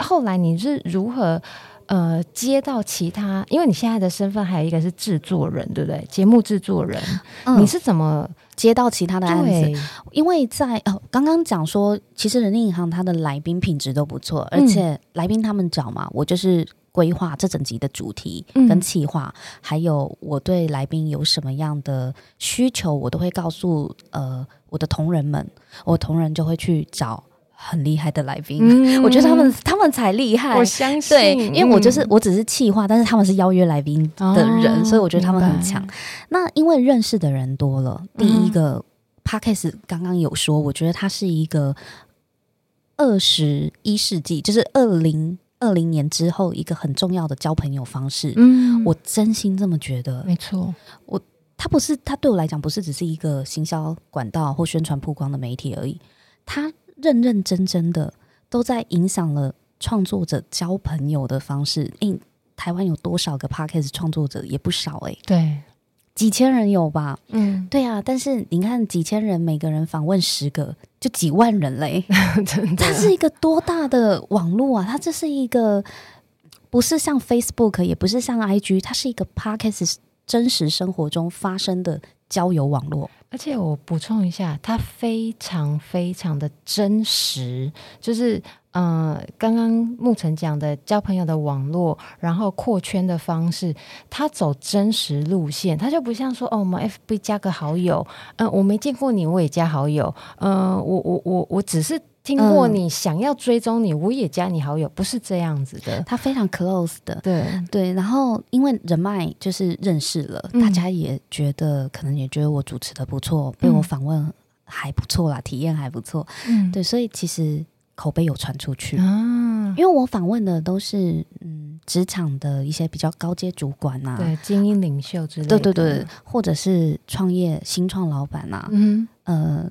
Speaker 2: 後來
Speaker 1: 你是如何？呃，接到其他，因為你現在的身份還有一個是製作
Speaker 2: 人，對不對？節目製作人，嗯、你是怎麼接到其他的案子？對因為在哦、呃，剛剛講說，其實人力銀行它的來賓品質都不錯，而且來賓他們找嘛，嗯、我就是規劃這整集的主題跟企劃，嗯、還有我對來賓有什麼樣的需求，我都會告訴呃我的同仁們，我同仁就會去找。很厲害的來賓，嗯、我覺得他們他們才厲害。我相信，對，因為我就是我只是企劃，但是他們是邀約來賓的人，哦、所以我覺得他們很強。白那因為認識的人多了，第一個 Podcast 剛剛、嗯、有說，我覺得他是一個二十一世紀，就是二零二零年之後一個很重要的交朋友方式。嗯，我真心這麼覺得。沒錯錯，我他不是他對我來講不是只是一個行銷管道或宣傳曝光的媒體而已，他。認認真真的都在影響了創作者交朋友的方式。哎、欸，台灣有多少個 Podcast 創作者？也不少哎、欸，對，幾千人有吧？嗯，對啊。但是你看，幾千人每個人訪問十個，就幾萬人嘞、欸。它， 真的，這是一個多大的網絡啊！它這是一個不是像 Facebook，也不是像 IG，它是一個 Podcast 真實生活中發生的交友網絡。而且我補充一下，他非
Speaker 1: 常非常的真實，就是、呃，嗯，剛剛牧澄講的交朋友的網絡，然後擴圈的方式，他走真實路線，他就不像說，哦，我們 FB 加個好友，嗯、呃，我沒見過你，我也加好友，嗯、呃，我我我我只是。聽過你想要追蹤你，我也加你好友，不是這
Speaker 2: 樣子的，他非常 close 的，對對。然後因為人脈就是認識了，嗯、大家也覺得可能也覺得我主持的不錯，被我訪問還不錯啦，嗯、體驗還不錯，嗯、對，所以其實口碑有傳出去嗯，啊、因為我訪問的都是嗯職場的一些比較高階主管吶、啊，對，精英領袖之類的，對對對，或者是創業新創老板吶、啊，嗯，呃，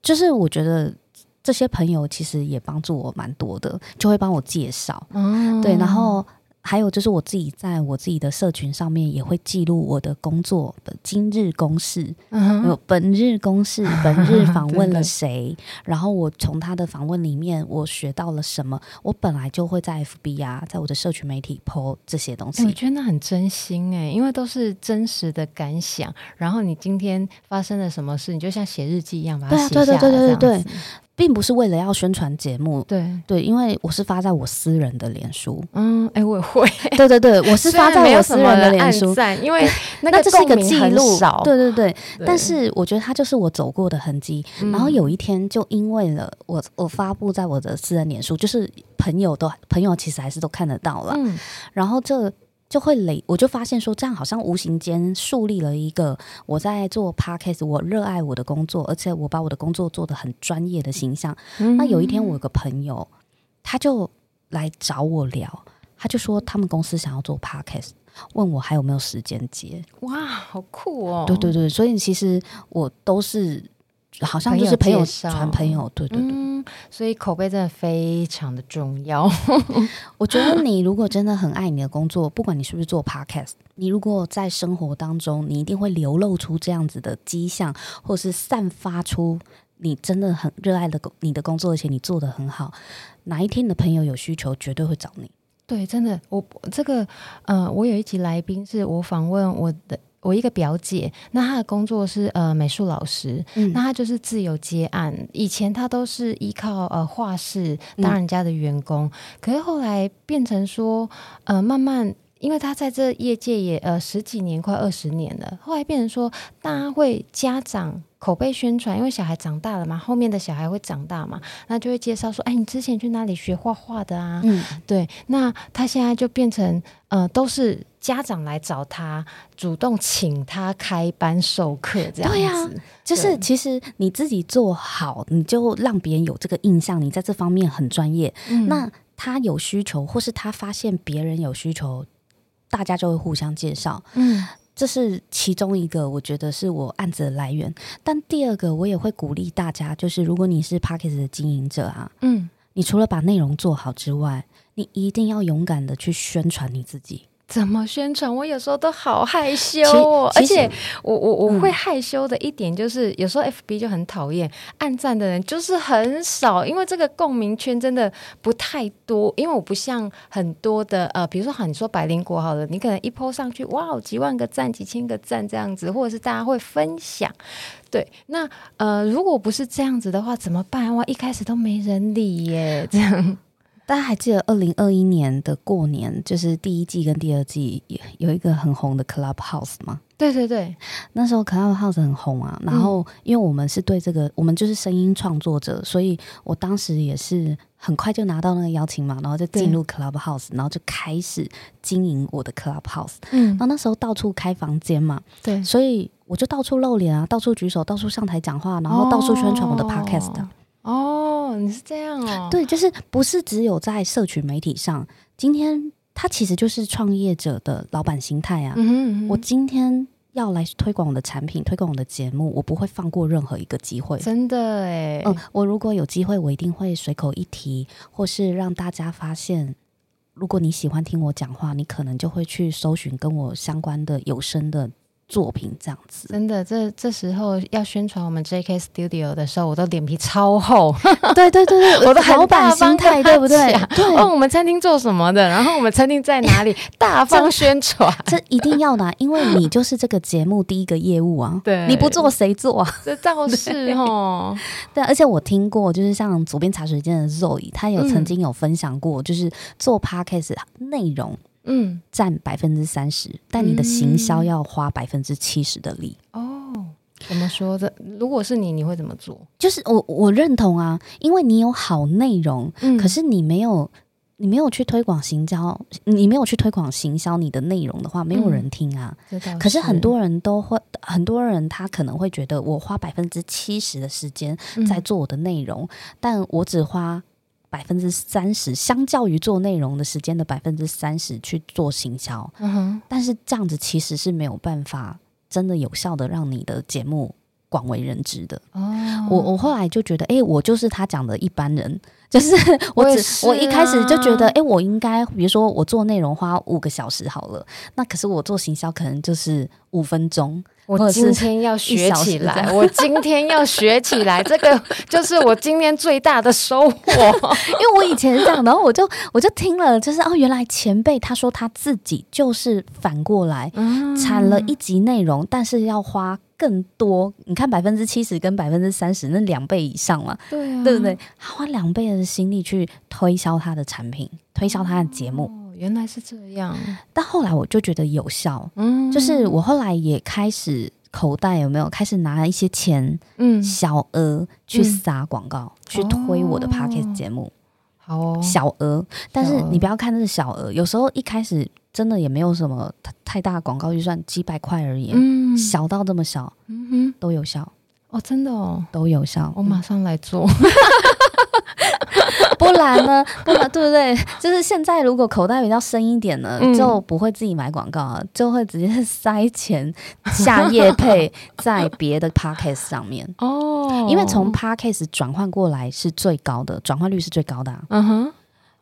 Speaker 2: 就是我覺得。這些朋友其實也幫助我蠻多的，就會幫我介紹。嗯、
Speaker 3: 對，然後
Speaker 2: 還有就是我自己在我自己的社群上面也會記錄我的工作，今日公事、嗯哼，本日公事，本日訪問了誰， 了然後我從他的訪問裡面我學到了什麼，我本來就會在 FB i 在我的社群媒體 PO 這些東西。你覺
Speaker 1: 得很真心哎、欸，因為都是真實的感想。然後你今天發生了什麼事，你就像寫日記一樣把它寫下來對，啊。對對對對對對。
Speaker 2: 並不是為了要宣傳節目，對對，因為我是發在我私人的臉書，嗯，誒、欸，我也會，對對對，我是發在我私人的臉書的，因
Speaker 1: 為那個、欸、那這是一個記錄，對對對，對但是
Speaker 2: 我覺得它就是我走過的痕跡，然後有一天就因為了我我發佈在我的私人臉書，就是朋友都朋友其實還是都看得到了，嗯，然後這。就會累，我就發現說這樣好像無形間樹立了一個我在做 Podcast，我熱愛我的工作，而且我把我的工作做得很專業的形象。嗯、那有一天我有個朋友，他就來找我聊，他就說他們公司想要做 Podcast，問我還有沒有時間接。
Speaker 1: 哇，好酷哦！對對對，
Speaker 2: 所以其實我都是。好像就是朋友，朋友傳朋友，對對對、嗯，所以口碑真的非常的重要。 我覺得你如果真的很愛你的工作，不管你是不是做 podcast，你如果在生活當中，你一定會流露出這樣子的跡象，或是散發出你真的很熱愛的工，你的工作，而且你做得很好。哪一天你的朋友有需求，絕對會找你。
Speaker 1: 對，真的，我這個呃，我有一集來賓是我訪問我的。我一個表姐，那她的工作是呃美術老師，嗯、那她就是自由接案。以前她都是依靠呃、畫室，當人家的員工，嗯、可是後來變成說呃慢慢，因為她在這業界也呃十幾年快二十年了，後來變成說大家會家長，口碑宣傳，因為小孩長大了嘛，後面的小孩會長大嘛，那就會介紹說，哎，你之前去哪裡學畫畫的啊？嗯，對，那他現在就變成，呃，都是家長來找他，主動請
Speaker 2: 他開班授課，這樣子。對呀、啊，就是其實你自己做好，對你就讓別人有這個印象，你在這方面很專業。嗯。那他有需求，或是他發現別人有需求，大家就會互相介紹。嗯。這是其中一個，我覺得是我案子的來源。但第二個，我也會鼓勵大家，就是如果你是 Podcast 的經營者啊，嗯，你除了把內容做好之外，你一定要勇敢的去宣傳你自己。
Speaker 1: 怎麼宣傳？我有時候都好害羞哦，而且我我我會害羞的一點就是，嗯、有時候 FB 就很討厭按讚的人，就是很少，因為這個共鳴圈真的不太多。因為我不像很多的呃，比如說好，你說百靈果好了，你可能一 PO 上去，哇，幾萬個讚，幾千個讚這樣子，或者是大家會分享。對，那呃，如果不是這樣子的話，怎麼辦、啊？哇，一開始都沒人理耶，
Speaker 2: 這樣。嗯。大家還記得二零二一年的過年，就是第一季跟第二季有有一個很紅的 Clubhouse 嗎？對對對，那時候 Clubhouse 很紅啊。然後因為我們是對這個，嗯，我們就是聲音創作者，所以我當時也是很快就拿到那個邀請嘛，然後就進入 Clubhouse，對，然後就開始經營我的 Clubhouse。嗯，然後那時候到處開房間嘛，對，所以我就到處露臉啊，到處舉手，到處上台講話，然後到處宣傳我的 podcast 啊。哦
Speaker 1: 哦，你是這樣哦。對，
Speaker 2: 就是不是只有在社群媒體上。今天他其實就是創業者的老闆心態啊。嗯嗯嗯。我今天要來推廣我的產品，推廣我的節目，我不會放過任何一個機會。真的欸。嗯，我如果有機會，我一定會隨口一提，或是讓大家發現。如果你喜歡聽我講話，你可能就會去搜尋跟我相關的有聲的。作品這樣子，
Speaker 1: 真的，這這時候要宣傳我們 JK Studio 的時候，我都臉皮超厚。對對對對， 我的老闆心態，對不對？對。哦，我們餐廳做什
Speaker 2: 麼的？然後我們餐廳在哪裡？ 大方宣傳，這，這一定要拿、啊，因為你就是這個節目第一個業務啊。 對，你不做誰做、啊？這倒是哦對。對，而且我聽過，就是像左邊茶水間的 Zoe，他有曾經有分享過，嗯、就是做 podcast 的內容。嗯，佔百分之三十，但你的行銷要花百分之七十的力、嗯、哦。怎麼說的？如果是你，你會怎麼做？就是我，我認同啊，因為你有好內容，嗯、可是你沒有，你沒有去推廣行銷，你沒有去推廣行銷你的內容的話，沒有人聽啊。嗯、
Speaker 3: 是可是很多
Speaker 2: 人都會，很多人他可能會覺得，我花百分之七十的時間在做我的內容，嗯、但我只花。百分之三十，相較於做內容的時間的百分之三十去做行銷，嗯哼，但是這樣子其實是沒有辦法真的有效的讓你的節目廣為人知的。哦，我我後來就覺得，誒，我就是他講的一般人，就是我只，我一開始就覺得，誒，我應該比如說我做內容花五個小時好了，那可是我做行銷可能就是五分鐘。我今天要學起來，我， 我
Speaker 1: 今天要學起來。這個就
Speaker 2: 是我今天最大的收穫， 因為我以前是這樣，然後我就我就聽了，就是哦，原來前輩他說他自己就是反過來產、嗯、了一集內容，但是要花更多。你看百分之七十跟百分之三十，那兩倍以上嘛，對，啊，對不對？他花兩倍的心力去推銷他的產品，推銷他的節目。哦。
Speaker 1: 原來是這樣，
Speaker 2: 但後來我就覺得有效。嗯，
Speaker 1: 就是我
Speaker 2: 後來也開始口袋有沒有開始拿一些錢，嗯，小額去撒廣告，嗯、去推我的 podcast 節目。
Speaker 3: 小
Speaker 2: 額，但是你不要看那是小額，小額有時候一開始真的也沒有什麼太，太大的廣告預算，幾百塊而已，嗯、小到這麼小，嗯、哼都有效。哦，真的哦，都有效，我馬上來做，嗯、 不然呢？不然對不對？就是現在，如果口袋比較深一點呢，就不會自己買廣告了，就會直接塞錢下業配在別的 podcast 上面
Speaker 1: 哦，因為從
Speaker 2: podcast 轉換過來是最高的，轉換率是最高的，啊，嗯哼。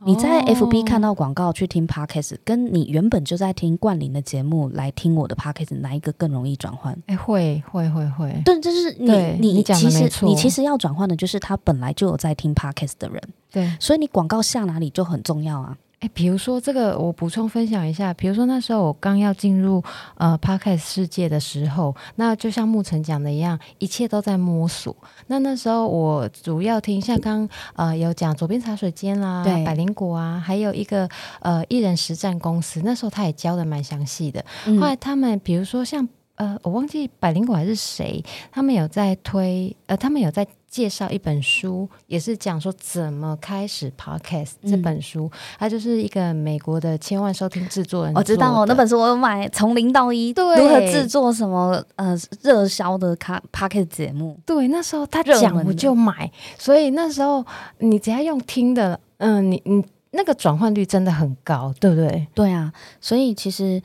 Speaker 3: 你
Speaker 2: 在 FB 看到廣告去聽 Podcast，、oh, 跟你原本就在聽冠霖的節目來聽我的 Podcast，哪一個更容易轉換？哎、欸，會會會會。會對就是你對你其實你講的沒錯你其實要轉換的就是他本來就有在聽 Podcast 的人，對。所以你廣告下哪裡就很重要啊。誒，比如說這個，我補充分享一下。比如說那時候我剛要進入呃 p 克 a 世界的
Speaker 1: 時候，那就像沐晨講的一樣，一切都在摸索。那那時候我主要聽像剛呃有講左邊茶水間啦、啊，對百靈果啊，還有一個呃藝人實戰公司。那時候他也教的蠻詳細的。嗯、後來他們比如說像呃我忘記百靈果還是誰，他們有在推呃他們有在。介紹一本書，也是講說怎麼開始 Podcast 這本書，嗯、它就是一個
Speaker 2: 美國的千萬收聽制作人。我、哦、知道哦，那本書我買《從零到一：對如何制作什麼呃熱銷的卡 Podcast 節目》。對，那時候他講我就買，
Speaker 1: 所以那時候你只要用聽的，嗯、呃，你你那個轉換率真的很高，對不
Speaker 2: 對？對啊，所以其實。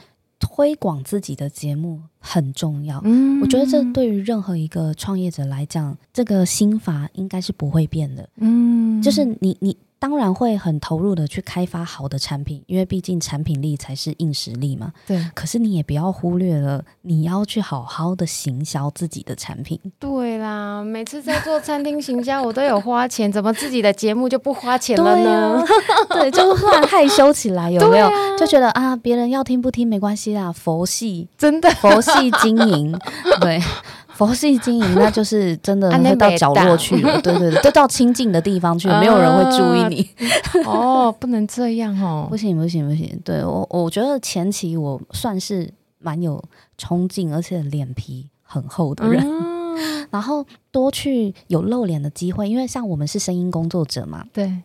Speaker 2: 推廣自己的節目很重要，嗯，我覺得這對於任何一個創業者來講，這個心法應該是不會變的，
Speaker 3: 嗯，就是
Speaker 2: 你你。當然會很投入的去開發好的產品，因為畢竟產品力才是硬實力嘛。對。可是你也不要忽略了，你要去好好的行銷自己的產品。
Speaker 1: 對啦，每次在做餐廳行銷，我都有花錢， 怎麼自己的
Speaker 2: 節目就不花錢了呢？對，啊、對，就突然害羞起來，有沒有？啊、就覺得啊，別人要聽不聽沒關係啦，佛系，真的佛系經營，對。 佛系經營，那就是真的會到角落去、 啊、對對對，就到清靜的地方去 沒有人會注意你。 哦，不能這樣哦，不行不行不行！對我，我覺得前期我算是蠻有衝勁，而且臉皮很厚的人。嗯、然後多去有露臉的機會，因為像我們是聲音工作者嘛，對，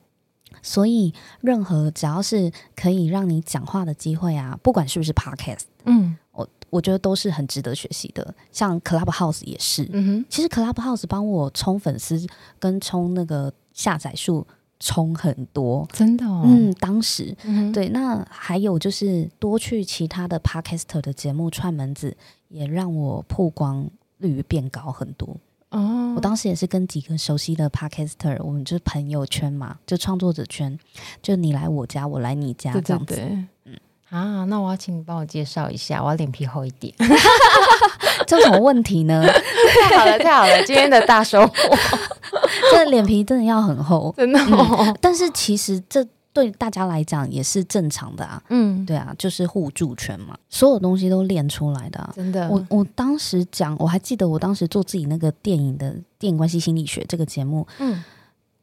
Speaker 2: 所以任何只要是可以讓你講話的機會啊，不管是不是 podcast，嗯。我覺得都是很值得學習的，像 Clubhouse 也是。嗯哼。其實 Clubhouse 幫我充粉絲跟充那個下載數充很多，真的哦。嗯，當時，嗯哼。對。那還有就是多去其他的 Podcaster 的節目串門子，也讓我曝光率變高很多。哦，我當時也是跟幾個熟悉的 Podcaster，我們就是朋友圈嘛，就創作者圈，就你來我家，我來你家，對對對，這樣子。啊，那我要請你幫我介紹一下，我要臉皮厚一點。 這種問題呢，
Speaker 1: 太好了，太好了，今天的大
Speaker 2: 收穫。 這臉皮真的要很厚，真的、嗯。但是其實這對大家來講也是正常的啊。嗯，對啊，就是互助權嘛，所有東西都練出來的、啊。真的，我我當時講，我還記得我當時做自己那個電影的電影關係心理學這個節目，嗯，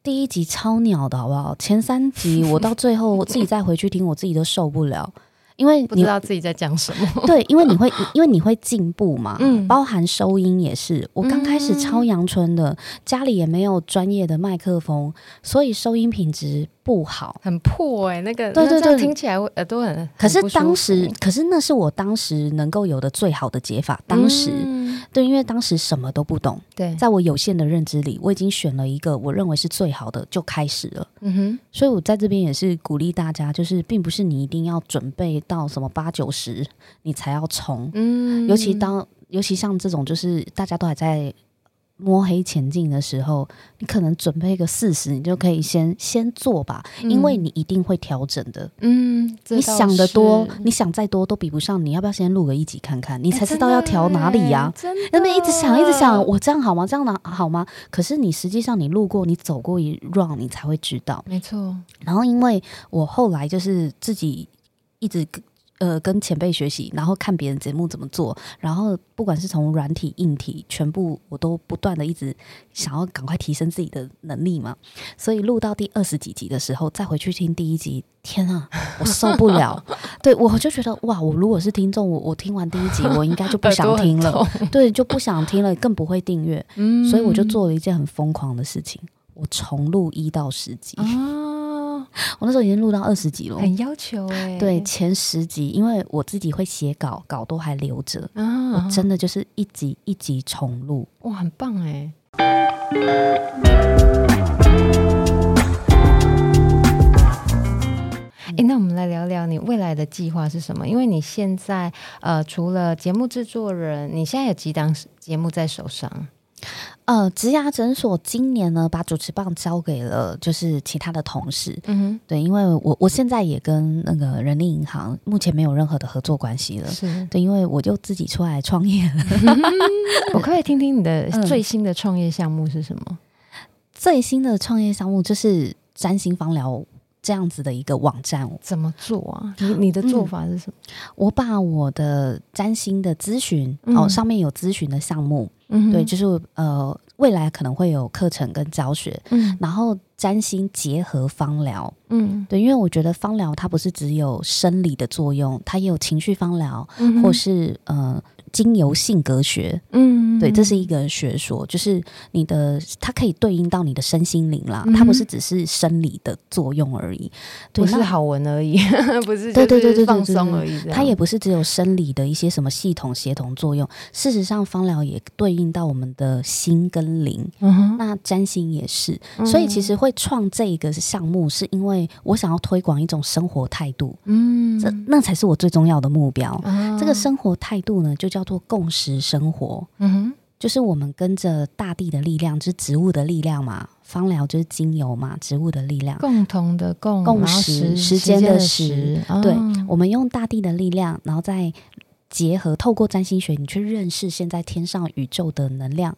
Speaker 2: 第一集超鳥的，好不好？前三集我到最後我自己再回去聽， 我自己都受不了。因為你不知道自己
Speaker 1: 在講什麼，
Speaker 2: 對，因為你會， 因為你會進步嘛，包含收音也是，嗯，我剛開始超陽春的，家裡也沒有專業的麥克風，所以收音品質。不好，很破哎、欸，那個對對對，聽起
Speaker 1: 來我耳朵很。可是當時，
Speaker 2: 嗯、可是那是我當時能夠有的最好的解法。當時，嗯、對，因為當時什麼都不懂，對，在我有限的認知裡，我已經選了一個我認為是最好的，就開始了。嗯
Speaker 3: 哼，
Speaker 2: 所以我在這邊也是鼓勵大家，就是並不是你一定要準備到什麼八九十，你才要衝。嗯，尤其當尤其像這種，就是大家都還在。摸黑前進的時候，你可能準備個四十，你就可以先、嗯、先做吧，因為你一定會調整的。嗯，你想的多，你想再多都比不上。你要不要先錄個一集看看，你才知道要調哪裡呀、啊欸？真的，一直想，一直想，我這樣好嗎？這樣呢好嗎？可是你實際上你路過，你走過一 run，你才會知道。沒錯。然後因為我後來就是自己一直。呃，跟前輩學習，然後看別人節目怎麼做，然後不管是從軟體、硬體，全部我都不斷地一直想要趕快提升自己的能力嘛。所以錄到第二十幾集的時候，再回去聽第一集，天啊，我受不了！ 對，我就覺得，哇，我如果是聽眾，我我聽完第一集，我應該就不想聽了， 痛對，就不想聽了，更不會訂閱。嗯，所以我就做了一件很瘋狂的事情，我重錄一到十集。嗯我那時候已經錄到二十幾了，很要求欸。對，前十集，因為我自己會寫稿，稿都還留着。啊，我真的就是一集一集重錄。哇，很棒欸。嗯。
Speaker 1: 欸，那我們來聊聊你未來的計劃是什麼？因為你現在呃，除了節目制作人，你現在有幾檔節目在手上？
Speaker 2: 呃，職涯診所今年呢，把主持棒交給了就是其他的同事。嗯哼對，因為我我現在也跟那個人力銀行目前沒有任何的合作關係了。是，對，因為我就自己出來創業了。 我可以聽聽你的最新的創業項目是什麼？嗯、最新的創業項目就是占星芳療這樣子的一個網站。怎麼做啊？你你的做法是什麼？嗯、我把我的占星的諮詢，嗯、哦，上面有諮詢的項目。嗯， 對，就是呃，未來可能會有課程跟教學，嗯，然後占星結合芳療，嗯，對，因為我覺得芳療它不是只有生理的作用，它也有情緒芳療，嗯、哼或是呃。精油性格學，嗯，嗯，
Speaker 3: 嗯、對，這是
Speaker 2: 一個學說，就是你的，它可以對應到你的身心靈啦，嗯嗯，它不是只是生理的作用而已，嗯、對，不是好聞而已，不是，是，對對對對，放鬆而已，它也不是只有生理的一些什麼系統協同作用。事實上，芳療也對應到我們的心跟靈，嗯、那占星也是，嗯、所以其實會創這個項目，是因為我想要推廣一種生活態度，嗯，這，這那才是我最重要的目標。哦、這個生活態度呢，就叫。做共時生活，嗯
Speaker 1: 哼，
Speaker 2: 就是我們跟着大地的力量，就是植物的力量嘛。芳療就是精油嘛，植物的力量。
Speaker 1: 共同的共，共時，時間的時，對，
Speaker 2: 我們用大地的力量，然後再結合透過占星學，你去認識現在天上宇宙的能量。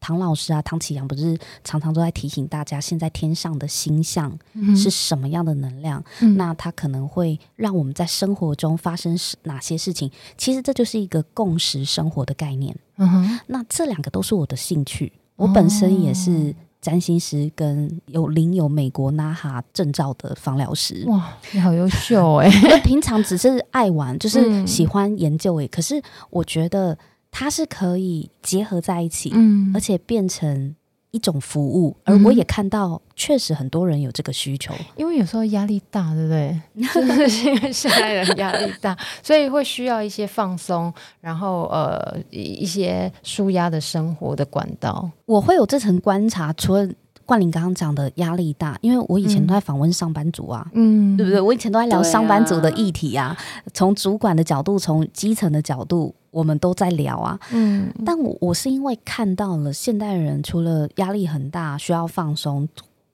Speaker 2: 唐老師啊，唐綺陽不是常常都在提醒大家，現在天上的星象是什麼樣的能量？嗯、哼那他可能會讓我們在生活中發生哪些事情？嗯、哼其實這就是一個共識生活的概念。嗯、哼那這兩個都是我的興趣。哦、我本身也是占星師，跟有領有美國 NAHA 證照的芳療師。哇，你好優秀我、欸、 平常只是愛玩，就是喜歡研究哎、欸。嗯、可是我覺得。它是可以結合在一起，嗯，而且變成一種服務。嗯、而我也看到，確實很多人有這個需求，因為有時候壓力大，對不對？那真
Speaker 1: 的 是因為現在人壓力大， 所以會需要一些放鬆，然後呃，一
Speaker 2: 些舒壓的生活的管道。我會有這層觀察，除了冠霖剛剛講的壓力大，因為我以前都在訪問上班族啊，嗯，對不對？我以前都在聊上班族的議題呀、啊，從、啊、主管的角度，從基層的角度。我們都在聊啊，嗯，但我我是因為看到了現代人除了壓力很大需要放鬆，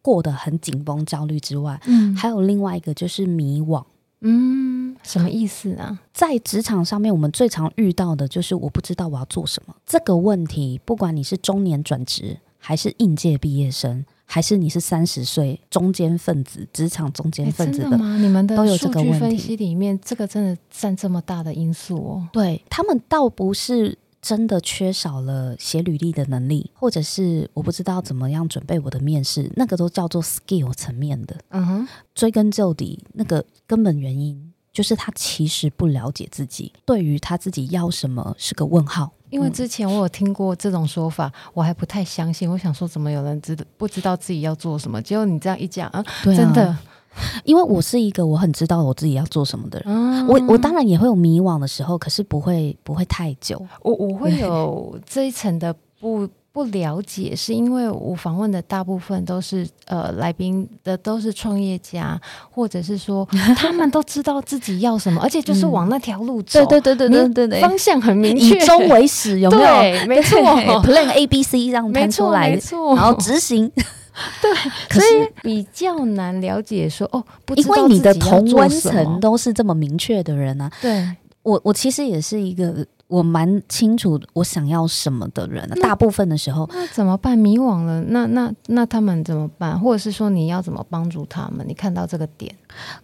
Speaker 2: 過得很緊繃焦慮之外，嗯，還有另外一個就是迷惘，嗯，什麼意思啊？在職場上面，我們最常遇到的就是我不知道我要做什麼這個問題，不管你是中年轉職還是應屆畢業生。還是你是三十歲中堅分子、職場中堅分子的？欸，真的嗎？你們的都有這個問題。數據分
Speaker 1: 析裡面，這個真的佔這麼大的因素哦。
Speaker 2: 對他們倒不是真的缺少了寫履歷的能力，或者是我不知道怎麼樣準備我的面試，那個都叫做 skill 層面的。嗯哼，追根究底，那個根本原因就是他其實不了解自己，對於他自己要什麼是個問號。因為之
Speaker 1: 前我有聽過這種說法，嗯、我還不太相信。我想說，怎麼有人知道不知道自己
Speaker 2: 要做什麼？結果你這樣一講，啊，對啊，真的，因為我是一個我很知道我自己要做什麼的人。嗯、我我當然也會有迷惘的時候，可是不會不會太久。
Speaker 1: 我我會有這一層的不。嗯 不了解是因為我訪問的大部分都是呃來賓的都是創業家，或者是說他們都知道自己要什麼，而且就是往那條路走，嗯、對對對對對對，方向很明確，以終為始，有沒有？沒錯對，Plan
Speaker 2: A B C，讓他出錯來，然後執行。
Speaker 1: 對，所以是比較難了解說哦，因為你的同溫層
Speaker 2: 都是這麼明確的人啊。對，我我其實也是一個。我蠻清楚我想要什麼的人，那大部分的時候那怎麼辦？迷惘了，那那那他們怎
Speaker 1: 麼辦？或者是說你要怎麼幫助他們？你看到這個點，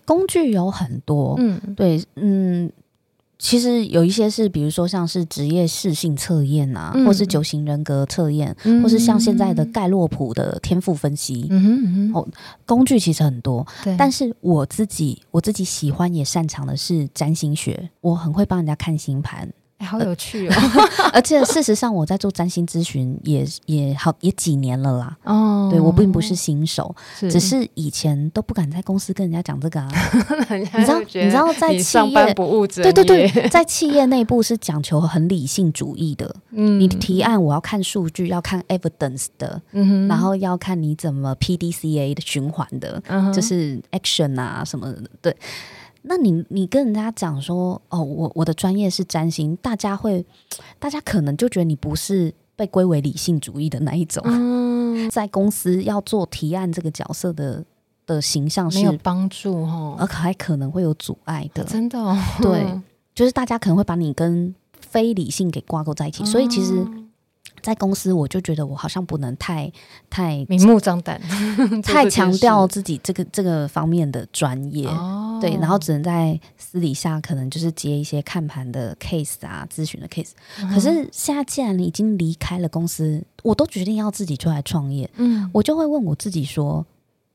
Speaker 1: 工具有
Speaker 2: 很多，嗯，對，嗯，其實有一些是，比如說像是職業適性測驗啊，嗯、或是九型人格測驗，嗯、哼哼或是像現在的蓋洛普的天賦分析，嗯哼，哼，哼，哦，工具其實很多，對，但是我自己我自己喜歡也擅長的是占星學，我很會幫人家看星盤。欸、好有趣哦！ 而且事實上，我在做占星諮詢也也好也幾年了啦。哦，對我並不是新手，是只是以前都不敢在公司跟人家講這個啊。你
Speaker 1: 知道，你知道在企業上班不務正業對對對，
Speaker 2: 在企業內部是講求很理性主義的。嗯，你的提案我要看數據，要看 evidence 的，嗯、哼然後要看你怎麼 P D C A 的循環的，嗯、哼就是 action 啊什麼的，對。那你你跟人家講說哦，我我的專業是占星，大家會，大家可能就覺得你不是被歸為理性主義的那一種，嗯、 在公司要做提案這個角色的的形象是沒有
Speaker 1: 幫助哦，
Speaker 2: 而還可能會有阻礙的，啊、真的、哦， 對，就是大家可能會把你跟非理性給掛鈎在一起，嗯、所以其實。在公司，我就覺得我好像不能太太明目張膽，太強調自己這個這個方面的專業，哦、對，然後只能在私底下可能就是接一些看盤的 case 啊，諮詢的 case。嗯、可是現在既然你已經離開了公司，我都決定要自己出來創業，嗯，我就會問我自己說，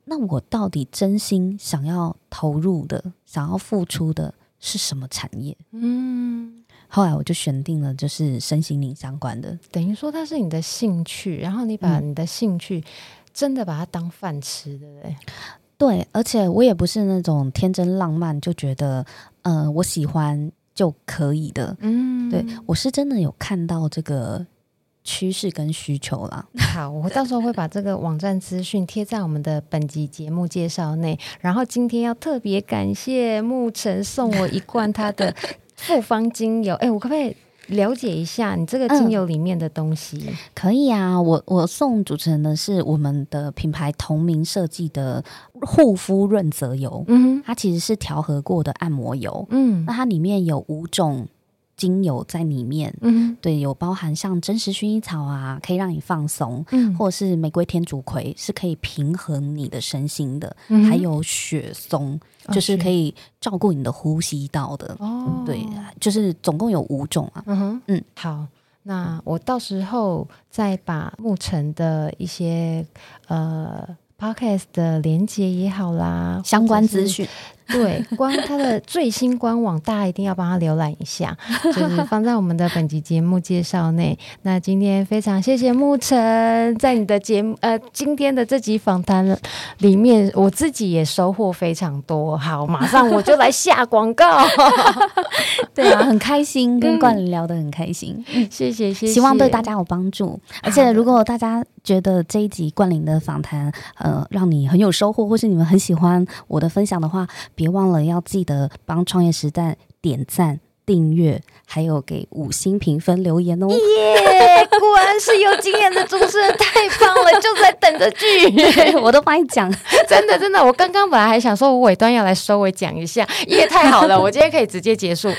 Speaker 2: 那我到底真心想要投入的、想要付出的是什麼產業？嗯。後來我就選定了，就是身心靈相關的，等於說它是你的興趣，然後你把你的興趣、嗯、真的把它當
Speaker 1: 飯吃的，對，不對，
Speaker 2: 對，而且我也不是那種天真浪漫就覺得，嗯、呃，我喜歡就可以的，嗯，對，我是真的有看到這個趨勢跟需求了。好，我到時候會把這個網站資訊貼
Speaker 1: 在我們的本集節目介紹內，然後今天要特別感謝牧澄送我一罐他的。 複方精油，哎、欸，我可不可以了解一下你這個精油裡面的東西？嗯、
Speaker 2: 可以啊，我我送主持人的是我們的品牌同名設計的護膚潤澤油，嗯哼，它其實是調和過的按摩油，嗯，那它裡面有五種。精油在裡面，嗯哼，對，有包含像真實薰衣草啊，可以讓你放鬆，嗯，或者是玫瑰、天竺葵是可以平衡你的身心的，嗯、哼還有雪松，就是可以照顧你的呼吸道的，哦，對，就是總共有五種啊，嗯哼，嗯，好，那我到時候再把牧澄的一些呃
Speaker 1: podcast 的連結也好啦，相關資訊。對，關於他的最新官網，大家一定要幫他瀏覽一下，就是放在我們的本集節目介紹內。 那今天非常謝謝牧澄，在你的節目呃今天的這集訪談裡面，我自己也收穫非常多。好，馬上我就來下廣
Speaker 2: 告。對啊，很開心跟冠霖聊得很開心。嗯，
Speaker 1: 謝謝，謝
Speaker 2: 謝，希望對大家有幫助。而且如果大家覺得這一集冠霖的訪談呃讓你很有收穫，或是你們很喜歡我的分享的話。別忘了要記得幫《創業時代》點贊、訂閱。還有給五星評分留言哦！耶
Speaker 1: ，yeah, 果然是有經驗的主持人， 太棒了！就在等着劇， 對，我都幫你講， 真的真的。我剛剛本來還想說我尾端要來收尾講一下，耶，yeah，太好了， 我今天可以直接結束。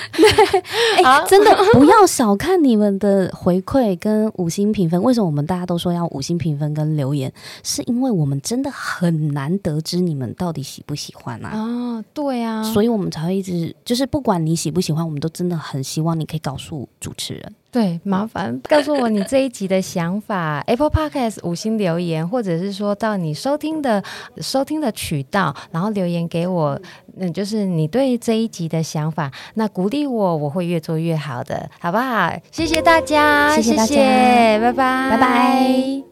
Speaker 2: 真的不要小看你們的回饋跟五星評分， 為什麼我們大家都說要五星評分跟留言？是因為我們真的很難得知你們到底喜不喜歡啊！啊，
Speaker 1: 對啊，所以我
Speaker 2: 們才會一直就是，不管你喜不喜歡，我們都真的很希望。你可以告訴主持人，對，麻煩
Speaker 1: 告訴我你這一集的想法 ，Apple Podcast 五星留言，或者是說到你收聽的收聽的渠道，然後留言給我，嗯，就是你對這一集的想法，那鼓勵我，我會越做越好的，好不好？謝謝大家，謝謝大家，謝謝，拜拜，拜拜。